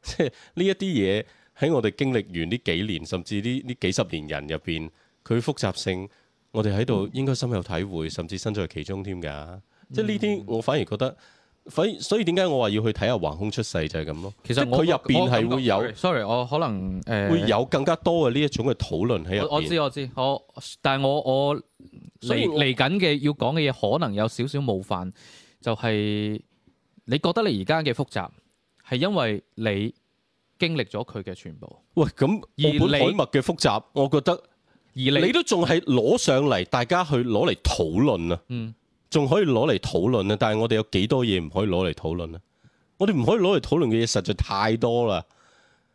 即係呢一啲嘢喺我哋經歷完呢幾年，甚至呢呢幾十年人入邊，佢複雜性，我哋喺度應該深有體會，甚至身在其中添㗎。嗯、即係呢啲，我反而覺得。所以所以點解我話要去睇下橫空出世就係咁咯。其實佢入邊係會有，sorry，我可能誒會有更加多嘅呢一種嘅討論喺入邊。我知我知，我但係我我嚟嚟緊嘅要講嘅嘢可能有少少冒犯，就係、是、你覺得你而家嘅複雜係因為你經歷咗佢嘅全部。喂，咁奧本海默嘅複雜，你我覺得而你都仲係攞上嚟大家去攞嚟討論啊。嗯。仲可以攞嚟討論啊！但係我哋有幾多嘢唔可以攞嚟討論啊？我哋唔可以攞嚟討論嘅嘢實在太多啦！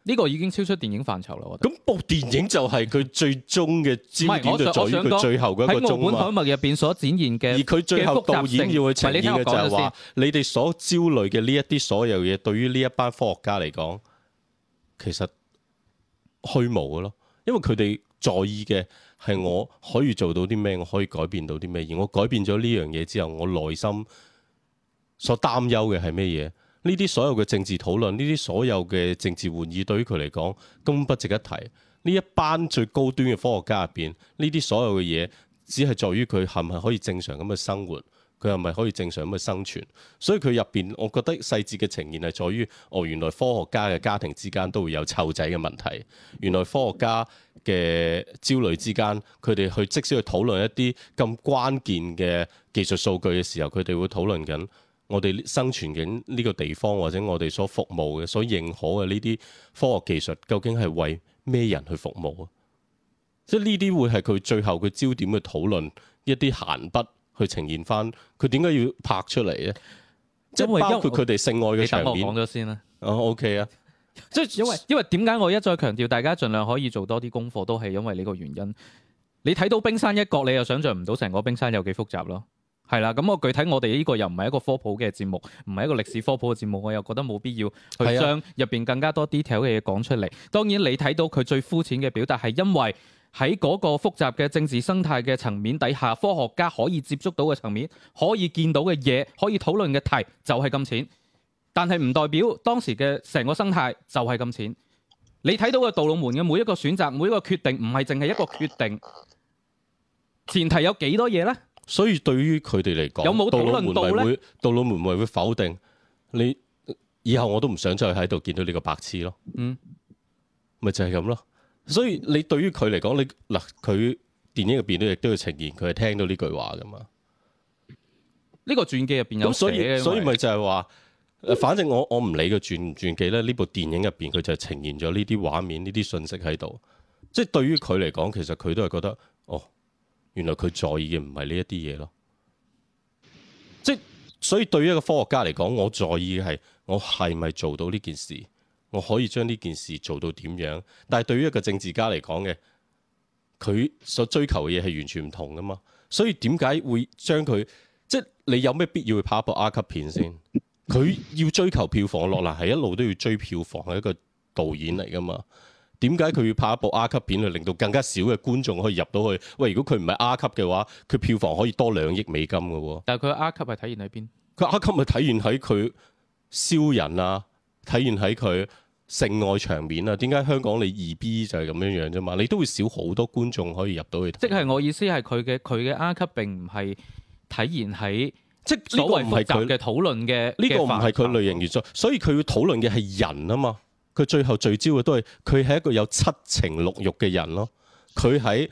呢個已經超出電影範疇啦，我覺得。咁部電影就係佢最終嘅焦點就在於佢最後嘅一個鐘嘛。喺奧本海默入邊所展現嘅，而佢最後導演要去呈現嘅就係話，你哋所焦慮嘅呢一啲所有嘢，對於呢一班科學家嚟講，其實虛無嘅咯。因為佢哋在意嘅係我可以做到啲咩，我可以改變到啲咩，而我改變咗呢樣嘢之後，我內心所擔憂嘅係咩嘢？呢啲所有嘅政治討論，呢啲所有嘅政治玩意對於，對於佢嚟講根本不值一提。呢一班最高端嘅科學家入邊，呢啲所有嘅嘢，只係在於佢係唔係可以正常咁去生活。佢係咪可以正常咁去生存？所以佢入邊，我覺得細節嘅呈現係在於哦，原來科學家嘅家庭之間都會有湊仔嘅問題。原來科學家嘅焦慮之間，佢哋去即使去討論一啲咁關鍵嘅技術數據嘅時候，佢哋會討論緊我哋生存緊呢個地方，或者我哋所服務嘅、所認可嘅呢啲科學技術，究竟係為咩人去服務啊？即係呢啲會係佢最後嘅焦點去討論，一啲閒筆。去呈現翻佢點解要拍出嚟咧？即係因為包括佢哋性愛嘅場面。講咗先啦。Oh, OK 啊，即係因為因為點解我一再強調大家儘量可以做多啲功課，都係因為呢個原因。你睇到冰山一角，你又想像唔到成個冰山有幾複雜咯。係啦，咁我具體我哋呢個又唔係一個科普嘅節目，唔係一個歷史科普嘅節目，我又覺得冇必要去將入邊更加多 detail 嘅嘢講出嚟。的當然你睇到佢最膚淺嘅表達係因為。喺嗰個複雜嘅政治生態嘅層面底下，科學家可以接觸到嘅層面，可以見到嘅嘢，可以討論嘅題就係咁淺。但係唔代表當時嘅成個生態就係咁淺。你睇到嘅杜魯門嘅每一個選擇、每一個決定，唔係淨係一個決定。前提有幾多嘢呢？所以對於佢哋嚟講，有冇討論到咧？杜魯門會唔會否定你？以後我都唔想再喺度見到呢個白痴咯。嗯，咪就係咁咯。所以你對於佢嚟講，你嗱佢電影入邊都亦都要呈現佢係聽到呢句話噶嘛？呢個傳記入邊有咁，所以為所以咪就係話，反正我我唔理佢傳唔傳記咧，呢部電影入邊佢就係呈現咗呢啲畫面、呢啲信息喺度。即係對於佢嚟講，其實佢都係覺得，哦，原來佢在意嘅唔係呢一啲嘢咯。即所以對於一個科學家嚟講，我在意嘅係我係咪做到呢件事？我可以將呢件事做到點樣？但係對於一個政治家嚟講嘅，佢所追求嘅嘢係完全唔同噶嘛？所以點解會將佢即係你有咩必要去拍一部 R 級片先？佢 要追求票房 落嚟，係一路都要追票房嘅一個導演嚟噶嘛？點解佢要拍一部 R 級片去令到更加少嘅觀眾可以入到去？喂，如果佢唔係 R 級嘅話，佢票房可以多兩億美金噶喎。但係佢 R 級係體現喺邊？佢 R 級咪體現喺佢燒人啊？體現喺佢。性愛場面啊？點解香港你二 B 就係咁樣樣啫嘛？你都會少好多觀眾可以入到去。即係我意思係佢嘅佢嘅級別並唔係體現喺即係所謂唔係佢嘅討論嘅呢個唔係佢類型元素，所以佢要討論嘅係人啊嘛。佢最後聚焦嘅都係佢係一個有七情六欲嘅人咯。佢喺。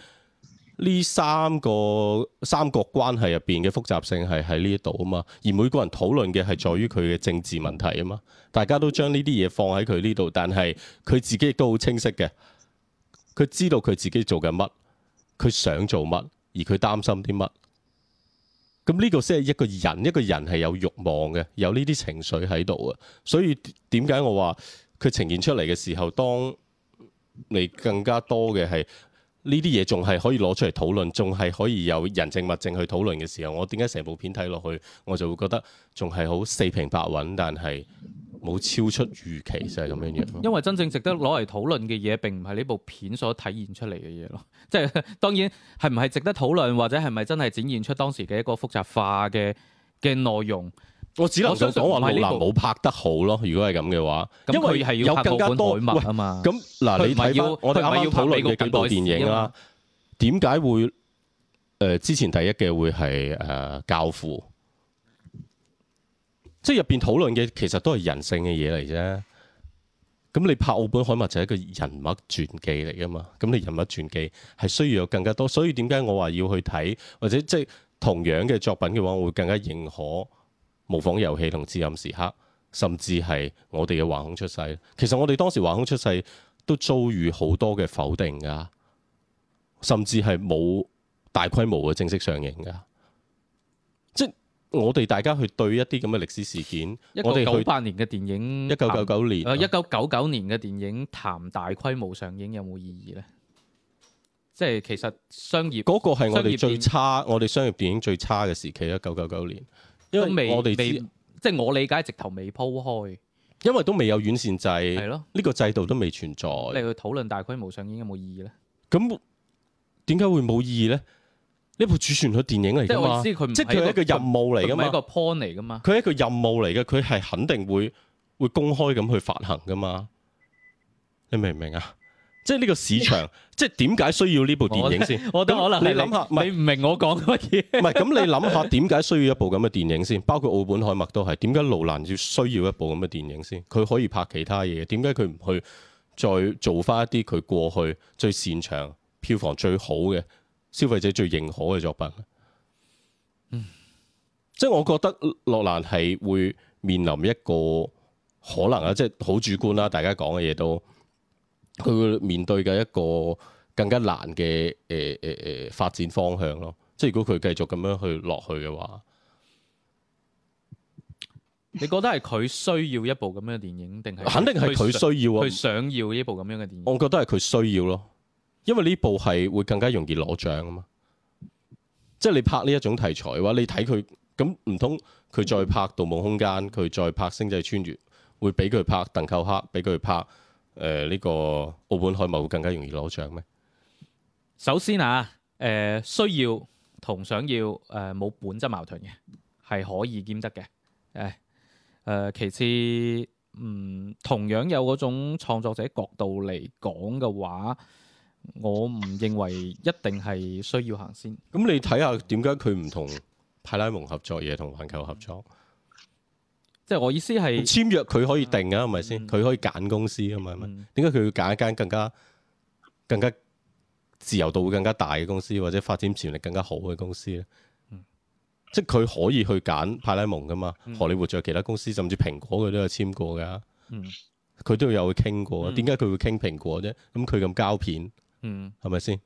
呢三個三角關係入邊嘅複雜性係喺呢度啊嘛，而每個人討論嘅係在於佢嘅政治問題啊嘛，大家都將呢啲嘢放喺佢呢度，但係佢自己亦都好清晰嘅，佢知道佢自己做緊乜，佢想做乜，而佢擔心啲乜。咁呢個先係一個人，一個人係有慾望嘅，有呢啲情緒喺度啊。所以點解我話佢呈現出嚟嘅時候，當你更加多嘅係。呢啲嘢仲係可以攞出嚟討論，仲係可以有人證物證去討論嘅時候，我點解成部片睇落去，我就會覺得仲係好四平八穩，但係冇超出預期就係咁樣樣，因為真正值得攞嚟討論嘅嘢，並唔係呢部片所體現出嚟嘅嘢咯。即係當然，係唔係值得討論，或者係咪真係展現出當時嘅一個複雜化嘅嘅內容？我只能想講話，嗱冇拍得好咯。如果係咁嘅話，因為有更加多。咁嗱，要你睇到我哋啱啱討論嘅幾部電影啦，點解會？誒、呃，之前第一嘅會係誒教父，即係入邊討論嘅其實都係人性嘅嘢嚟啫。咁你拍奧本海默就係一個人物傳記嚟噶嘛？咁你人物傳記係需要有更加多，所以點解我話要去睇或者即係同樣嘅作品嘅話，我會更加認可。模仿遊戲同至暗時刻，甚至係我哋嘅橫空出世。其實我哋當時橫空出世都遭遇好多嘅否定噶，甚至係冇大規模嘅正式上映噶。即我哋大家去對一啲咁嘅歷史事件，我哋九八年嘅電影，一九九九年，一九九九年嘅電影談大規模上映有冇意義呢？即係其實商業嗰個係我哋最差，我哋商業電影最差嘅時期，一九九九年。因為我哋即係我理解直頭未鋪開。因為都未有院線制，係咯，呢個制度都未存在。你去討論大規模上映有冇意義咧？咁點解會冇意義咧？呢部主旋律電影嚟，即係我知佢唔即係一個任務嚟㗎嘛，佢係一個 point 嚟㗎嘛，佢係一個任務嚟嘅，佢係肯定會會公開咁去發行㗎嘛？你明唔明啊？即係呢個市場， 即係點解需要呢部電影先？我覺得可能你諗下，你唔明我講乜嘢？唔係咁，你諗下點解需要一部咁嘅電影先？包括奧本海默都係，點解諾蘭要需要一部咁嘅電影先？佢可以拍其他嘢，點解佢唔去再做翻一啲佢過去最擅長、票房最好嘅消費者最認可嘅作品？嗯，即係我覺得諾蘭係會面臨一個可能啊，即係好主觀啦，大家講嘅嘢都。佢會面對嘅一個更加難嘅誒誒誒發展方向咯，即係如果佢繼續咁樣去落去嘅話，你覺得係佢需要一部咁樣嘅電影定係？肯定係佢需要啊！佢想要呢部咁樣嘅電影。電影我覺得係佢需要咯，因為呢部係會更加容易攞獎啊嘛。即係你拍呢一種題材嘅話，你睇佢咁，唔通佢再拍《盜夢空間》，佢再拍《星際穿越》，會俾佢拍《鄧寇克》，俾佢拍。誒，呢、呃，這個奧本海默會更加容易攞獎咩？首先啊，誒、呃、需要同想要誒冇、呃、本質矛盾嘅，係可以兼得嘅，誒、呃、誒，其次，嗯，同樣有嗰種創作者角度嚟講嘅話，我唔認為一定係需要行先。咁你睇下點解佢唔同派拉蒙合作，而係同環球合作？嗯即係我意思係簽約佢可以定啊，係咪先？佢、嗯、可以揀公司啊嘛？點解佢要揀一間更加、更加自由度會更加大嘅公司，或者發展潛力更加好嘅公司咧？嗯、即係佢可以去揀派拉蒙噶嘛？嗯、荷里活仲有其他公司，甚至蘋果佢都有簽過噶。佢、嗯、都有去傾過，點解佢會傾蘋果啫？咁佢咁膠片，嗯，係咪先？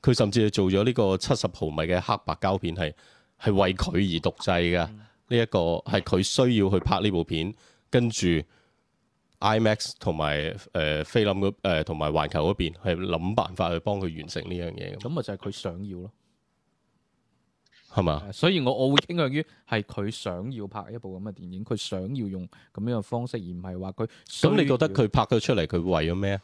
佢甚至係做咗呢個七十毫米嘅黑白膠片，係係為佢而獨製噶。嗯呢一個係佢需要去拍呢部片，跟住 IMAX 同埋誒、呃、菲林嗰同埋環球嗰邊係諗辦法去幫佢完成呢樣嘢。咁咪就係佢想要咯，係嘛吧？所以我我會傾向於係佢想要拍一部咁嘅電影，佢想要用咁樣嘅方式，而唔係話佢。咁你覺得佢拍咗出嚟，佢為咗咩啊？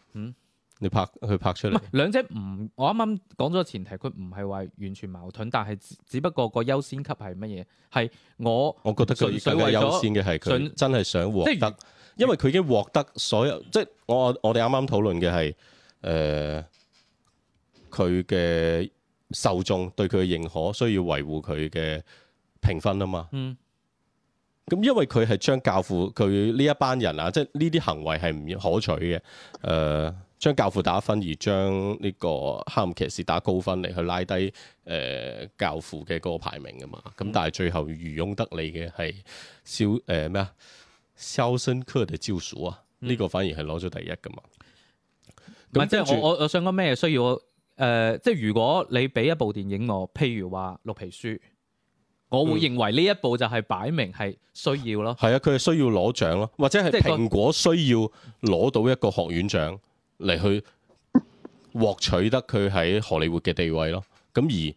你拍去拍出嚟，兩者唔，我啱啱講咗前提，佢唔係話完全矛盾，但係只，只不過個優先級係乜嘢？係我，我覺得最緊要優先嘅係佢真係想獲得，就是、因為佢已經獲得所有，如即係我我哋啱啱討論嘅係誒，佢、呃、嘅受眾對佢嘅認可，需要維護佢嘅評分啊嘛。嗯，咁因為佢係將教父佢呢一班人啊，即係呢啲行為係唔可取嘅，誒、呃。將教父打分，而將呢個黑暗騎士打高分嚟去拉低誒、呃、教父嘅嗰個排名噶嘛？咁、嗯、但係最後漁翁得利嘅係《肖誒咩啊》《肖申克的招贖救贖》啊？呢個反而係攞咗第一噶嘛？咁即係我我我想講咩？需要誒，即、呃、係、就是、如果你俾一部電影我，譬如話《綠皮書》，我會認為呢一部就係擺明係需要咯。係、嗯、啊，佢係需要攞獎咯，或者係蘋果需要攞到一個學院獎。嗯嚟去獲取得佢喺荷里活嘅地位咯，咁而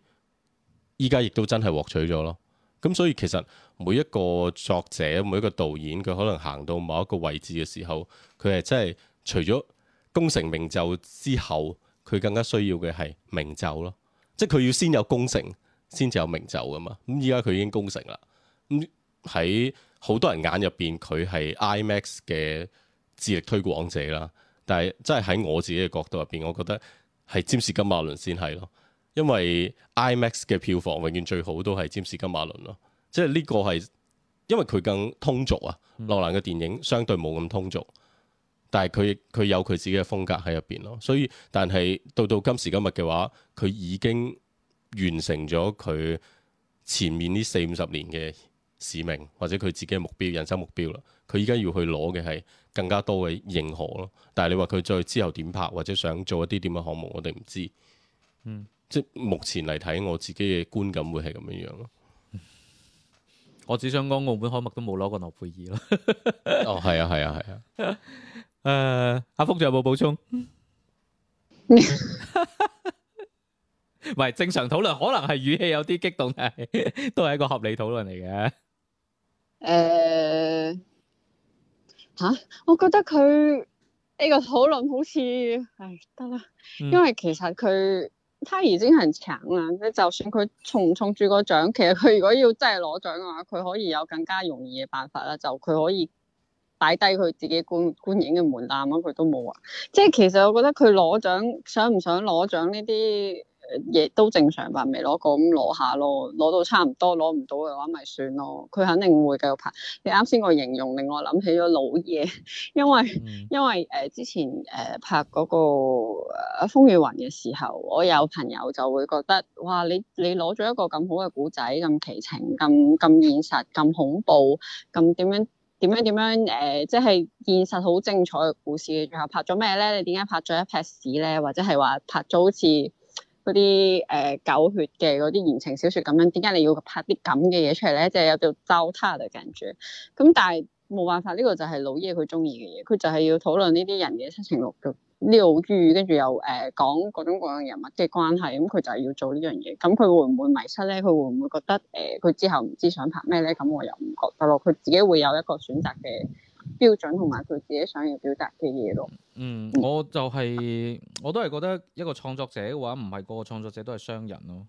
依家亦都真係獲取咗咯。咁、嗯、所以其實每一個作者、每一個導演，佢可能行到某一個位置嘅時候，佢係真係除咗功成名就之後，佢更加需要嘅係名就咯。即係佢要先有功成，先至有名就噶嘛。咁依家佢已經功成啦。咁喺好多人眼入邊，佢係 IMAX 嘅致力推廣者啦。但係真係喺我自己嘅角度入邊，我覺得係占士金馬倫先係咯，因為 IMAX 嘅票房永遠最好都係占士金馬倫咯。即係呢個係因為佢更通俗啊，嗯、洛蘭嘅電影相對冇咁通俗，但係佢佢有佢自己嘅風格喺入邊咯。所以，但係到到今時今日嘅話，佢已經完成咗佢前面呢四五十年嘅使命或者佢自己嘅目標，人生目標啦。佢依家要去攞嘅係更加多嘅認可咯，但係你話佢再之後點拍或者想做一啲點嘅項目，我哋唔知。嗯，即係目前嚟睇，我自己嘅觀感會係咁樣樣咯。我只想講，奧本海默都冇攞過諾貝爾咯。 哦，係啊，係啊，係啊。誒、 啊，阿福仲有冇補充？唔 係 正常討論，可能係語氣有啲激動，但 都係都係一個合理討論嚟嘅。誒、uh。吓、啊，我覺得佢呢個討論好似，唉，得啦，因為其實佢他，他已經係搶啦，即就算佢重唔重住個獎，其實佢如果要真係攞獎嘅話，佢可以有更加容易嘅辦法啦，就佢可以擺低佢自己觀觀影嘅門檻咯，佢都冇啊，即係其實我覺得佢攞獎想唔想攞獎呢啲。亦都正常吧，未攞過咁攞下咯，攞到差唔多，攞唔到嘅話咪算咯。佢肯定會繼續拍。你啱先個形容令我諗起咗婁燁，因為、嗯、因為誒、呃、之前誒、呃、拍嗰、那個、呃、風雨雲嘅時候，我有朋友就會覺得哇，你你攞咗一個咁好嘅古仔，咁奇情，咁咁現實，咁恐怖，咁點樣點樣點樣誒，即、呃、係、就是、現實好精彩嘅故事，最後拍咗咩咧？你點解拍咗一撇屎咧？或者係話拍咗好似，嗰啲誒狗血嘅嗰啲言情小説咁樣，點解你要拍啲咁嘅嘢出嚟咧？即、就、係、是、有啲糟蹋嘅跟住，咁但係冇辦法，呢、這個就係老爺佢中意嘅嘢，佢就係要討論呢啲人嘅七情六欲，呢個好癲，跟住又誒講各種各樣人物嘅、呃、關係，咁、嗯、佢就係要做呢樣嘢。咁佢會唔會迷失咧？佢會唔會覺得誒佢、呃、之後唔知想拍咩咧？咁我又唔覺得咯。佢自己會有一個選擇嘅。標準同埋佢自己想要表達嘅嘢咯。嗯，我就係、是、我都係覺得一個創作者嘅話，唔係個個創作者都係商人咯。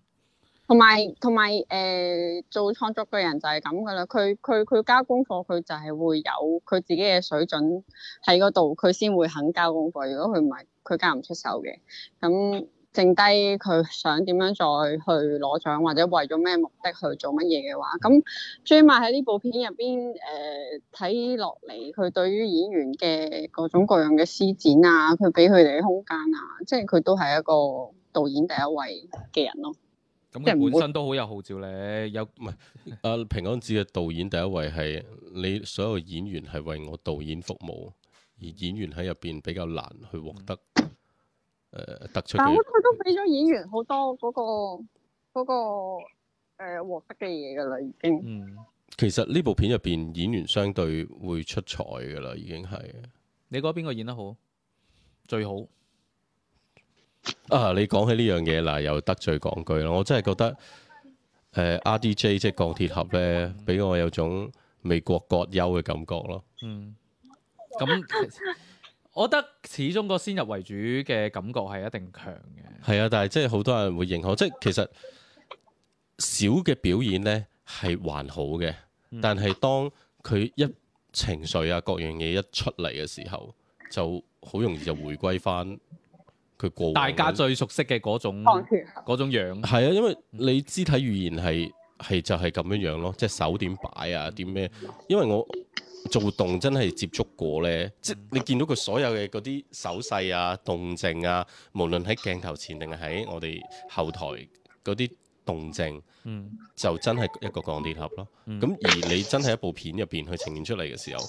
同埋同埋誒，做創作嘅人就係咁㗎喇。佢佢佢交功課，佢就係會有佢自己嘅水準喺嗰度，佢先會肯交功課。如果佢唔係佢交唔出手嘅咁。剩低佢想點樣再去攞獎或者為咗咩目的去做乜嘢嘅話，咁最尾喺呢部片入邊誒睇落嚟，佢、呃、對於演員嘅各種各樣嘅施展啊，佢俾佢哋空間啊，即係佢都係一個導演第一位嘅人咯。咁佢本身都好有號召力， 有唔係阿《平安子》嘅導演第一位係你，所有演員係為我導演服務，而演員喺入邊比較難去獲得。 誒，突出佢，都俾咗演員好多嗰個嗰個誒，獲得嘅嘢，噶啦，已經。嗯，其實呢部片入邊演員相對會出彩噶啦，已經係。你覺得邊個演得好最好？啊，你講起呢樣嘢嗱，又得罪講句啦，我真係覺得誒、呃、R D J 即係鋼鐵俠咧，俾我有種美國葛優嘅感覺咯。嗯，咁。 我覺得始終個先入為主嘅感覺係一定強嘅。係啊，但係即係好多人會認可，即係其實小嘅表演呢係還好嘅，嗯、但係當佢一情緒啊各樣嘢一出嚟嘅時候，就好容易就回歸返佢過，大家最熟悉嘅嗰種嗰、嗯、種樣係、嗯、啊，因為你肢體語言係係就係咁樣樣咯，即係手點擺啊，點咩？因為我。做動真係接觸過呢？即、就是、你見到佢所有嘅嗰啲手勢啊、動靜啊，無論喺鏡頭前定係喺我哋後台嗰啲動靜，嗯、就真係一個鋼鐵俠咯。咁、嗯、而你真係一部片入邊去呈現出嚟嘅時候，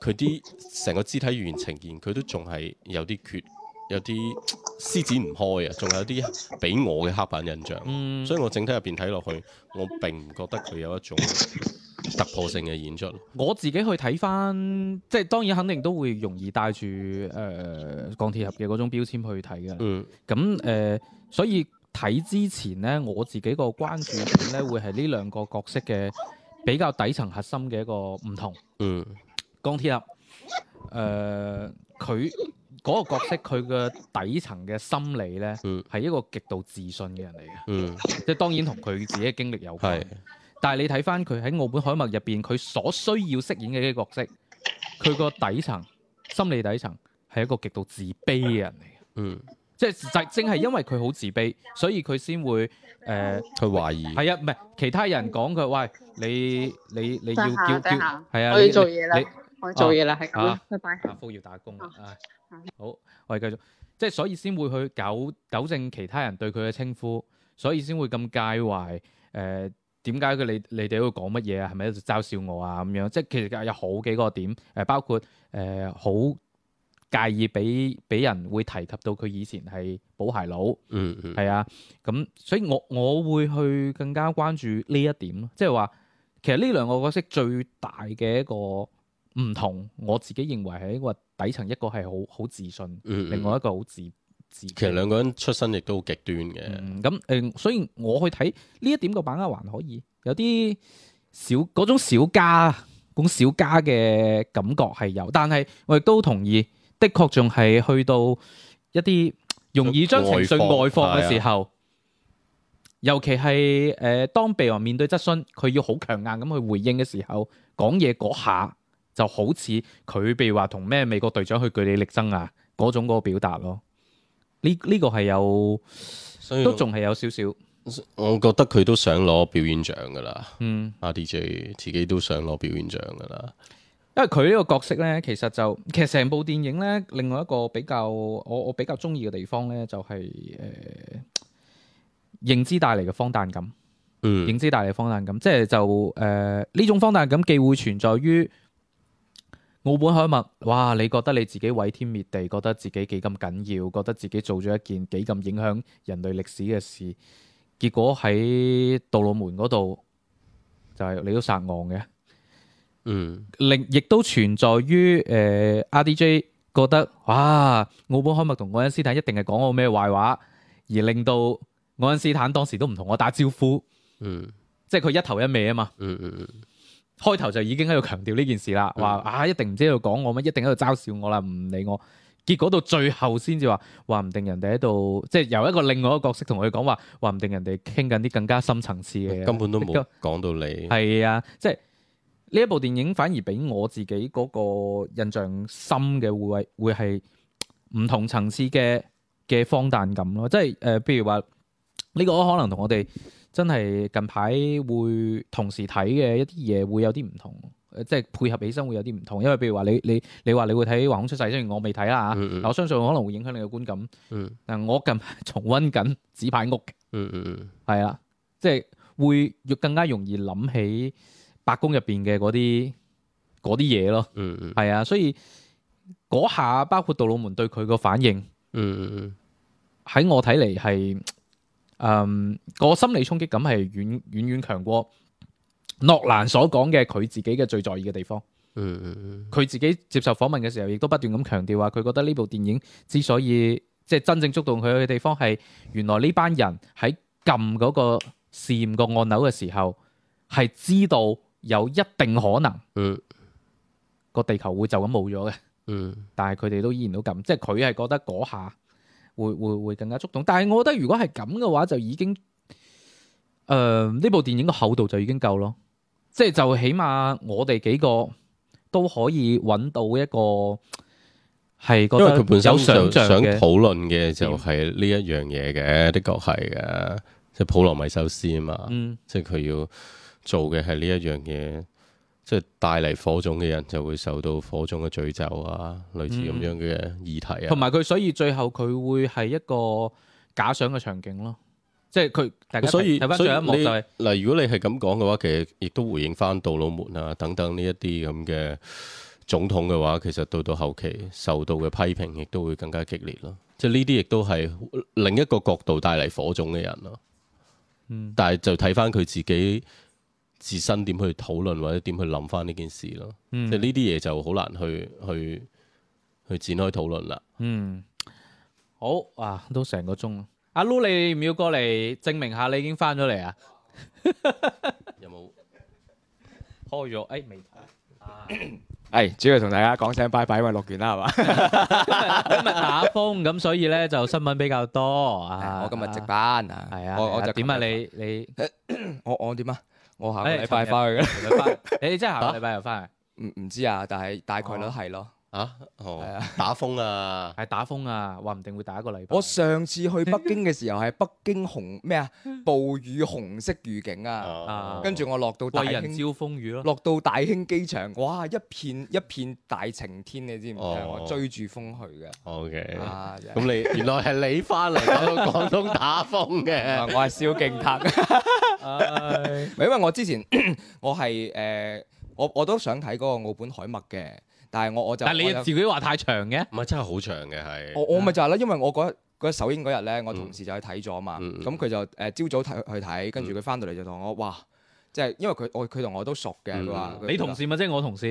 佢啲成個肢體語言呈現，佢都仲係有啲缺。有啲施展唔開啊，仲有啲俾我嘅刻板印象，嗯、所以我整體入邊睇落去，我並唔覺得佢有一種突破性嘅演出。我自己去睇翻，即係當然肯定都會容易帶住誒、呃、鋼鐵俠嘅嗰種標籤去睇嘅。嗯，咁誒、呃，所以睇之前咧，我自己個關注點咧，會係呢兩個角色嘅比較底層核心嘅一個唔同。嗯，鋼鐵俠誒佢。呃嗰個角色佢嘅底層嘅心理咧，係一個極度自信嘅人嚟嘅，嗯、即係當然同佢自己嘅經歷有關。是但係你睇翻佢喺《奧本海默》入邊，佢所需要飾演嘅一個角色，佢個底層心理底層係一個極度自卑嘅人嚟嘅。嗯，即係正係因為佢好自卑，所以佢先會誒去、呃、懷疑。係啊，唔係其他人講佢喂你你你，你要叫叫係啊，要做嘢啦。我做嘢啦，係咁，啊。啊、拜拜。阿福要打工，啊啊、好，我哋繼續，即係所以先會去糾糾正其他人對佢嘅稱呼，所以先會咁介懷。誒、呃，點解佢你你哋會講乜嘢啊？係咪喺度嘲笑我啊？咁樣，即係其實有好幾個點。誒、呃，包括誒、呃、好介意俾俾人會提及到佢以前係補鞋佬。嗯嗯。係、嗯、啊，咁所以我我會去更加關注呢一點咯。即係話，其實呢兩個角色最大嘅一個。唔同我自己認為係一個底層，一個係好好自信，嗯嗯，另外一個好自自。自其實兩個人出身亦都好極端嘅。咁誒、嗯嗯，所以我去睇呢一點個把握還可以，有啲小嗰種小家咁小家嘅感覺係有，但係我亦都同意，的確仲係去到一啲容易將情緒外放嘅時候，啊、尤其係誒、呃、當被話面對質詢，佢要好強硬咁去回應嘅時候，講嘢嗰下。就好似佢，譬如話同咩美國隊長去據理力爭啊，嗰種嗰個表達咯。呢呢、個係有，所以都仲係有少少。我覺得佢都想攞表演獎噶啦。嗯，阿 DJ 自己都想攞表演獎噶啦，因為佢呢個角色呢，其實就其實成部電影呢，另外一個比較我我比較中意嘅地方呢，就係誒認知帶嚟嘅荒誕感。嗯、呃，認知帶嚟嘅荒誕感，即係就誒呢、呃、種荒誕感，既會存在於。奧本海默，哇！你覺得你自己毀天滅地，覺得自己幾咁緊要，覺得自己做咗一件幾咁影響人類歷史嘅事，結果喺杜魯門嗰度就係、是、你都殺案嘅，嗯，令亦都存在於誒、呃、R D J 覺得，哇！奧本海默同愛因斯坦一定係講我咩壞話，而令到愛因斯坦當時都唔同我打招呼，嗯、即係佢一頭一尾啊嘛，嗯嗯開頭就已經喺度強調呢件事啦，話啊一定唔知喺度講我乜，一定喺度嘲笑我啦，唔理我。結果到最後先至話，話唔定人哋喺度，即係由一個另外一個角色同佢講話，話唔定人哋傾緊啲更加深層次嘅，根本都冇講到你。係啊，即係呢一部電影反而俾我自己嗰個印象深嘅會會係唔同層次嘅嘅荒誕感咯，即係誒，譬如話呢個可能同我哋。真係近排會同時睇嘅一啲嘢會有啲唔同，即、就、係、是、配合起身會有啲唔同，因為譬如話你你你話你會睇《橫空出世》，雖然我未睇啦嚇，嗯嗯、我相信可能會影響你嘅觀感。嗯、但我近重溫緊《紙牌屋》。嗯嗯，係啊，即係、就是、會更加容易諗起白宮入邊嘅嗰啲啲嘢咯。嗯係啊、嗯，所以嗰下包括杜魯門對佢個反應。喺、嗯嗯嗯嗯、我睇嚟係。嗯，個心理衝擊感係遠遠遠強過諾蘭所講嘅佢自己嘅最在意嘅地方。嗯嗯嗯。佢自己接受訪問嘅時候，亦都不斷咁強調話，佢覺得呢部電影之所以即係真正觸動佢嘅地方，係原來呢班人喺撳嗰個試驗個按鈕嘅時候，係知道有一定可能，嗯，個地球會就咁冇咗嘅。嗯。但係佢哋都依然都撳，即係佢係覺得嗰下。會會會更加觸動，但係我覺得如果係咁嘅話，就已經，誒、呃、呢部電影嘅厚度就已經夠咯，即係就起碼我哋幾個都可以揾到一個係，因為佢本身想本身想討論嘅就係呢一樣嘢嘅，的確係嘅，即係普羅米修斯啊嘛，嗯，即係佢要做嘅係呢一樣嘢。即係帶嚟火種嘅人就會受到火種嘅詛咒啊，類似咁樣嘅議題啊。同埋佢所以最後佢會係一個假想嘅場景咯。即係佢，大家所以大家所以嗱，如果你係咁講嘅話，其實亦都回應翻杜魯門啊等等呢一啲咁嘅總統嘅話，其實到到後期受到嘅批評亦都會更加激烈咯。即係呢啲亦都係另一個角度帶嚟火種嘅人咯。但係就睇翻佢自己。自身點去討論，或者點去諗翻呢件事咯。即係呢啲嘢就好難去去去展開討論啦。嗯，好啊，都成個鐘。阿 Lu，你唔要過嚟證明下你已經翻咗嚟啊？有冇開咗？哎，未。係主要同大家講聲拜拜，因為錄完啦，係嘛？今日打風，咁所以咧就新聞比較多。我今日值班啊，係啊，我我就點啊？你你我我點啊？我下個禮拜翻去噶啦，你哋真係下個禮拜又翻去？唔唔知啊，但係大概率係咯。啊，係啊，打風啊，係打風啊，話唔定會打一個禮拜。我上次去北京嘅時候，係北京紅咩啊？暴雨紅色預警啊，跟住我落到大興，招風雨咯。落到大興機場，哇，一片一片大晴天，你知唔知我追住風去嘅。O K，咁你原來係你翻嚟廣東打風嘅，我係蕭敬騰。係，唔係 因為我之前 我係誒、呃，我我都想睇嗰個《奧本海默》嘅，但係我我就但你自己話太長嘅，唔係真係好長嘅係。我我咪就係啦，因為我嗰嗰首映嗰日咧，我同事就去睇咗啊嘛，咁佢、嗯、就誒朝、呃、早睇去睇，跟住佢翻到嚟，就同我，哇，即、就、係、是、因為佢我佢同我都熟嘅，佢話、嗯、你同事咪即係我同事，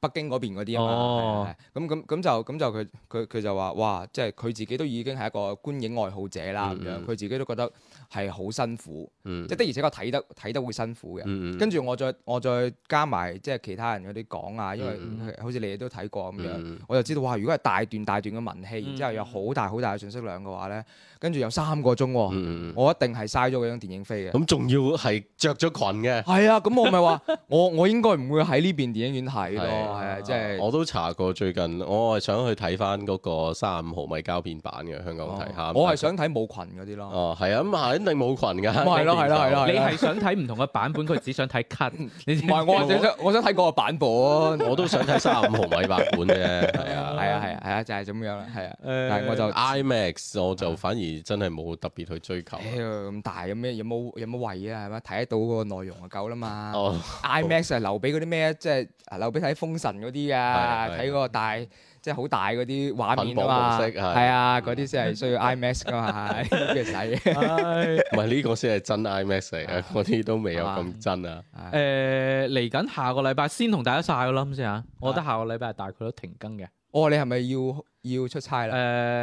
北京嗰邊嗰啲啊嘛，咁咁咁就咁就佢佢佢就話哇，即係佢自己都已經係一個觀影愛好者啦，咁樣佢自己都覺得。係好辛苦，mm hmm. 即的而且確睇得睇得會辛苦嘅。跟住、mm hmm. 我再我再加埋即係其他人嗰啲講啊，因為好似你哋都睇過咁樣，mm hmm. 我就知道哇！如果係大段大段嘅文戲，然之後有好大好大嘅信息量嘅話呢。跟住有三個鐘喎，我一定係嘥咗嗰張電影飛嘅。咁仲要係着咗裙嘅。係啊，咁我咪話我我應該唔會喺呢邊電影院睇咯，係啊，即係我都查過最近，我係想去睇翻嗰個三十五毫米膠片版嘅香港睇下。我係想睇冇裙嗰啲咯。哦，係啊，咁係一定冇裙㗎。咪係咯，係咯，係咯。你係想睇唔同嘅版本，佢只想睇裙。唔係，我我想我想睇嗰個版本，我都想睇三十五毫米版本嘅，係啊。係啊，係啊，就係咁樣啦，係啊，但係我就 IMAX，我就反而。真係冇特別去追求。咁大 an, 有咩有冇有冇位啊？係嘛，睇得到嗰個內容就夠啦嘛。哦、 IMAX 係留俾嗰啲咩？即、就、係、係、留俾睇封神嗰啲啊，睇嗰個大即係好大嗰啲畫面啊嘛。係 啊，嗰啲先係需要 IMAX 噶嘛，係。唔係呢個先係真 IMAX 嚟啊！嗰啲都未有咁真啊。誒，嚟緊下個禮拜先同大家曬啦，咁先嚇。我覺得下個禮拜大概都停更嘅。哦，uh, 你係咪要？要出差啦，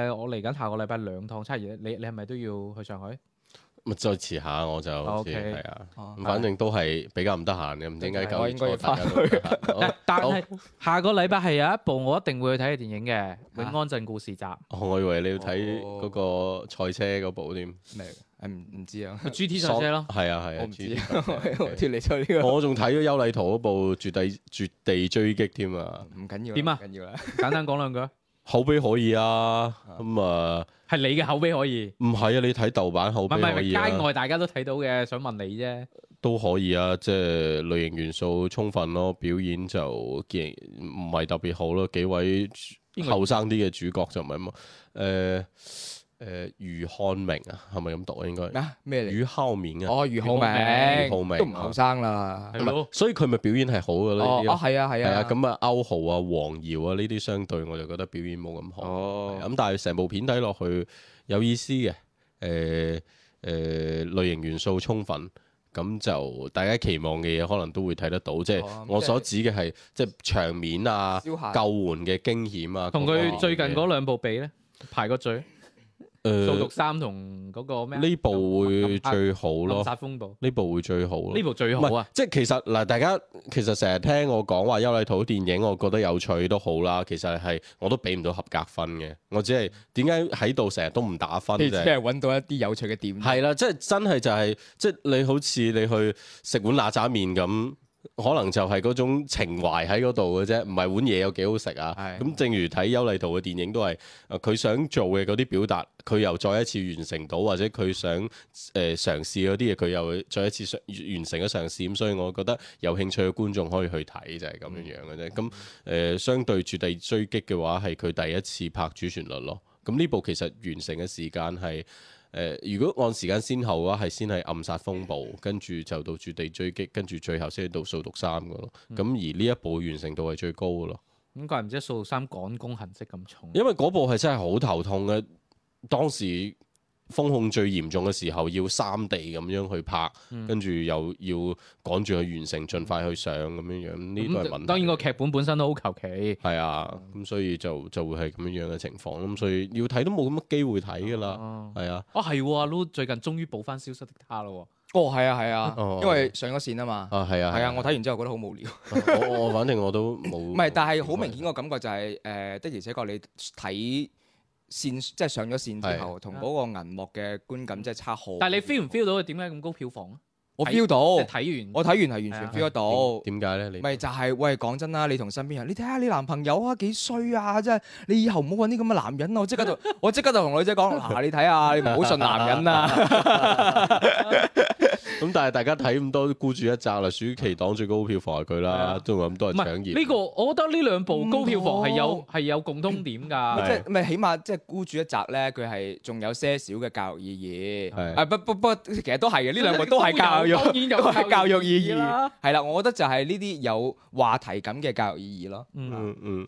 誒，我嚟緊下個禮拜兩趟差嘢，你你係咪都要去上海？咪再遲下我就，係啊，反正都係比較唔得閒嘅，唔知點解舊年我大家，但係下個禮拜係有一部我一定會去睇嘅電影嘅《永安鎮故事集》。我以為你要睇嗰個賽車嗰部添。咩？唔唔知啊？G T 賽車咯，係啊係啊，我唔知。我仲睇咗邱禮濤嗰部《絕地絕地追擊》添啊，唔緊要，點啊？唔緊要啦，簡單講兩句。口碑可以啊，咁、嗯、啊，係你嘅口碑可以？唔係啊，你睇豆瓣口碑可以啊。唔係，街外大家都睇到嘅，想問你啫。都可以啊，即係類型元素充分咯，表演就健唔係特別好咯。幾位後生啲嘅主角就唔係咁。呃誒余漢明啊，係咪咁讀啊？應該咩嚟？余孝明啊！哦，俞灝明，俞灝明都唔後生啦。係咪？所以佢咪表演係好嘅咯。哦，係啊，係啊。係啊，咁啊，歐豪啊，黃瑤啊，呢啲相對我就覺得表演冇咁好。哦，咁但係成部片睇落去有意思嘅。誒誒，類型元素充分，咁就大家期望嘅嘢可能都會睇得到。即係我所指嘅係即係場面啊、救援嘅驚險啊。同佢最近嗰兩部比咧，排個序。誒，掃毒三同嗰個咩？呢部會最好咯，殺風暴。呢部會最好咯，呢部最好。唔係，即係其實嗱，大家其實成日聽我講話優麗圖電影，我覺得有趣都好啦。其實係我都俾唔到合格分嘅，我只係點解喺度成日都唔打分？即係揾到一啲有趣嘅點、嗯。係啦，即係真係就係、是，即係你好似你去食碗那扎麵咁。可能就係嗰種情懷喺嗰度嘅啫，唔係碗嘢有幾好食啊。咁的正如睇邱禮濤嘅電影都係，佢想做嘅嗰啲表達，佢又再一次完成到，或者佢想誒嘗試嗰啲嘢，佢又再一次完完成咗嘗試。咁所以我覺得有興趣嘅觀眾可以去睇，就係、是、咁樣樣嘅啫。咁誒、嗯呃，相對《絕地追擊》嘅話，係佢第一次拍主旋律咯。咁呢部其實完成嘅時間係。誒、呃，如果按時間先後嘅話，係先係暗殺風暴，跟住就到絕地追擊，跟住最後先到掃毒三嘅咯。咁、嗯、而呢一部完成度係最高嘅咯。點解唔知掃毒三趕工痕跡咁重？因為嗰部係真係好頭痛嘅，當時。封控最嚴重嘅時候，要三地咁樣去拍，跟住又要趕住去完成，盡快去上咁樣樣，呢都係問題，當然個劇本本身都好求其，係啊，咁所以就就會係咁樣樣嘅情況，咁所以要睇都冇咁乜機會睇㗎啦，係啊，啊係喎，最近終於補返《消失的她》啦，哦，係啊，係啊，因為上咗線啊嘛，啊係啊，係啊，我睇完之後覺得好無聊，我我反正我都冇，唔係，但係好明顯個感覺就係誒的而且確你睇，線即係上咗線之後，同嗰個銀幕嘅觀感即係差好。但係你 feel 唔 feel 到佢點解咁高票房啊？我 feel 到，睇完，我睇完係完全 feel 得到。點解咧？你咪就係喂，講真啦，你同身邊人，你睇下你男朋友啊幾衰啊！真係，你以後唔好揾啲咁嘅男人啊！我即刻就， 我即刻就同女仔講，嗱你睇下，你唔好信男人啊！ 啊啊啊啊咁但係大家睇咁多孤注一擲啦，暑期檔最高票房係佢啦，都咁的多人搶熱。呢、這個我覺得呢兩部高票房係有係噢有共通點㗎，即係起碼即係孤注一擲咧，佢係仲有些少嘅教育意義。係啊，不不不其實都係嘅，呢兩個都係教育，當然有教育意義，育意義啦。係啦，我覺得就係呢啲有話題感嘅教育意義咯、嗯的嗯。嗯嗯。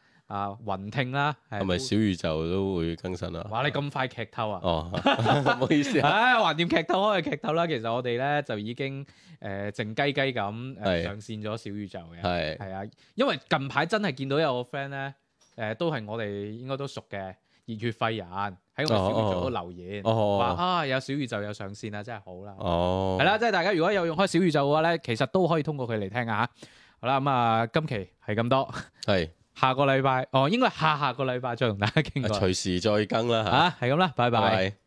啊，雲聽啦，係咪小宇宙都會更新啦、啊？哇，你咁快劇透啊？哦、 哎，唔好意思，唉，橫掂劇透，開個劇透啦。其實我哋咧就已經誒、呃、靜雞雞咁誒上線咗小宇宙嘅，係係是啊，因為近排真係見到有個 friend 咧，誒、呃、都係我哋應該都熟嘅熱血廢人喺我哋小宇宙度留言，話、oh, oh, oh, oh. 啊有小宇宙有上線啦、啊，真係好啦、啊。哦，係啦，即係大家如果有用開小宇宙嘅話咧，其實都可以通過佢嚟聽下。好啦，咁、嗯、啊，今期係咁多，係。 下個禮拜，哦，應該下下個禮拜再同大家傾過，隨時再更啦嚇，係咁啦，啊、拜拜。Bye.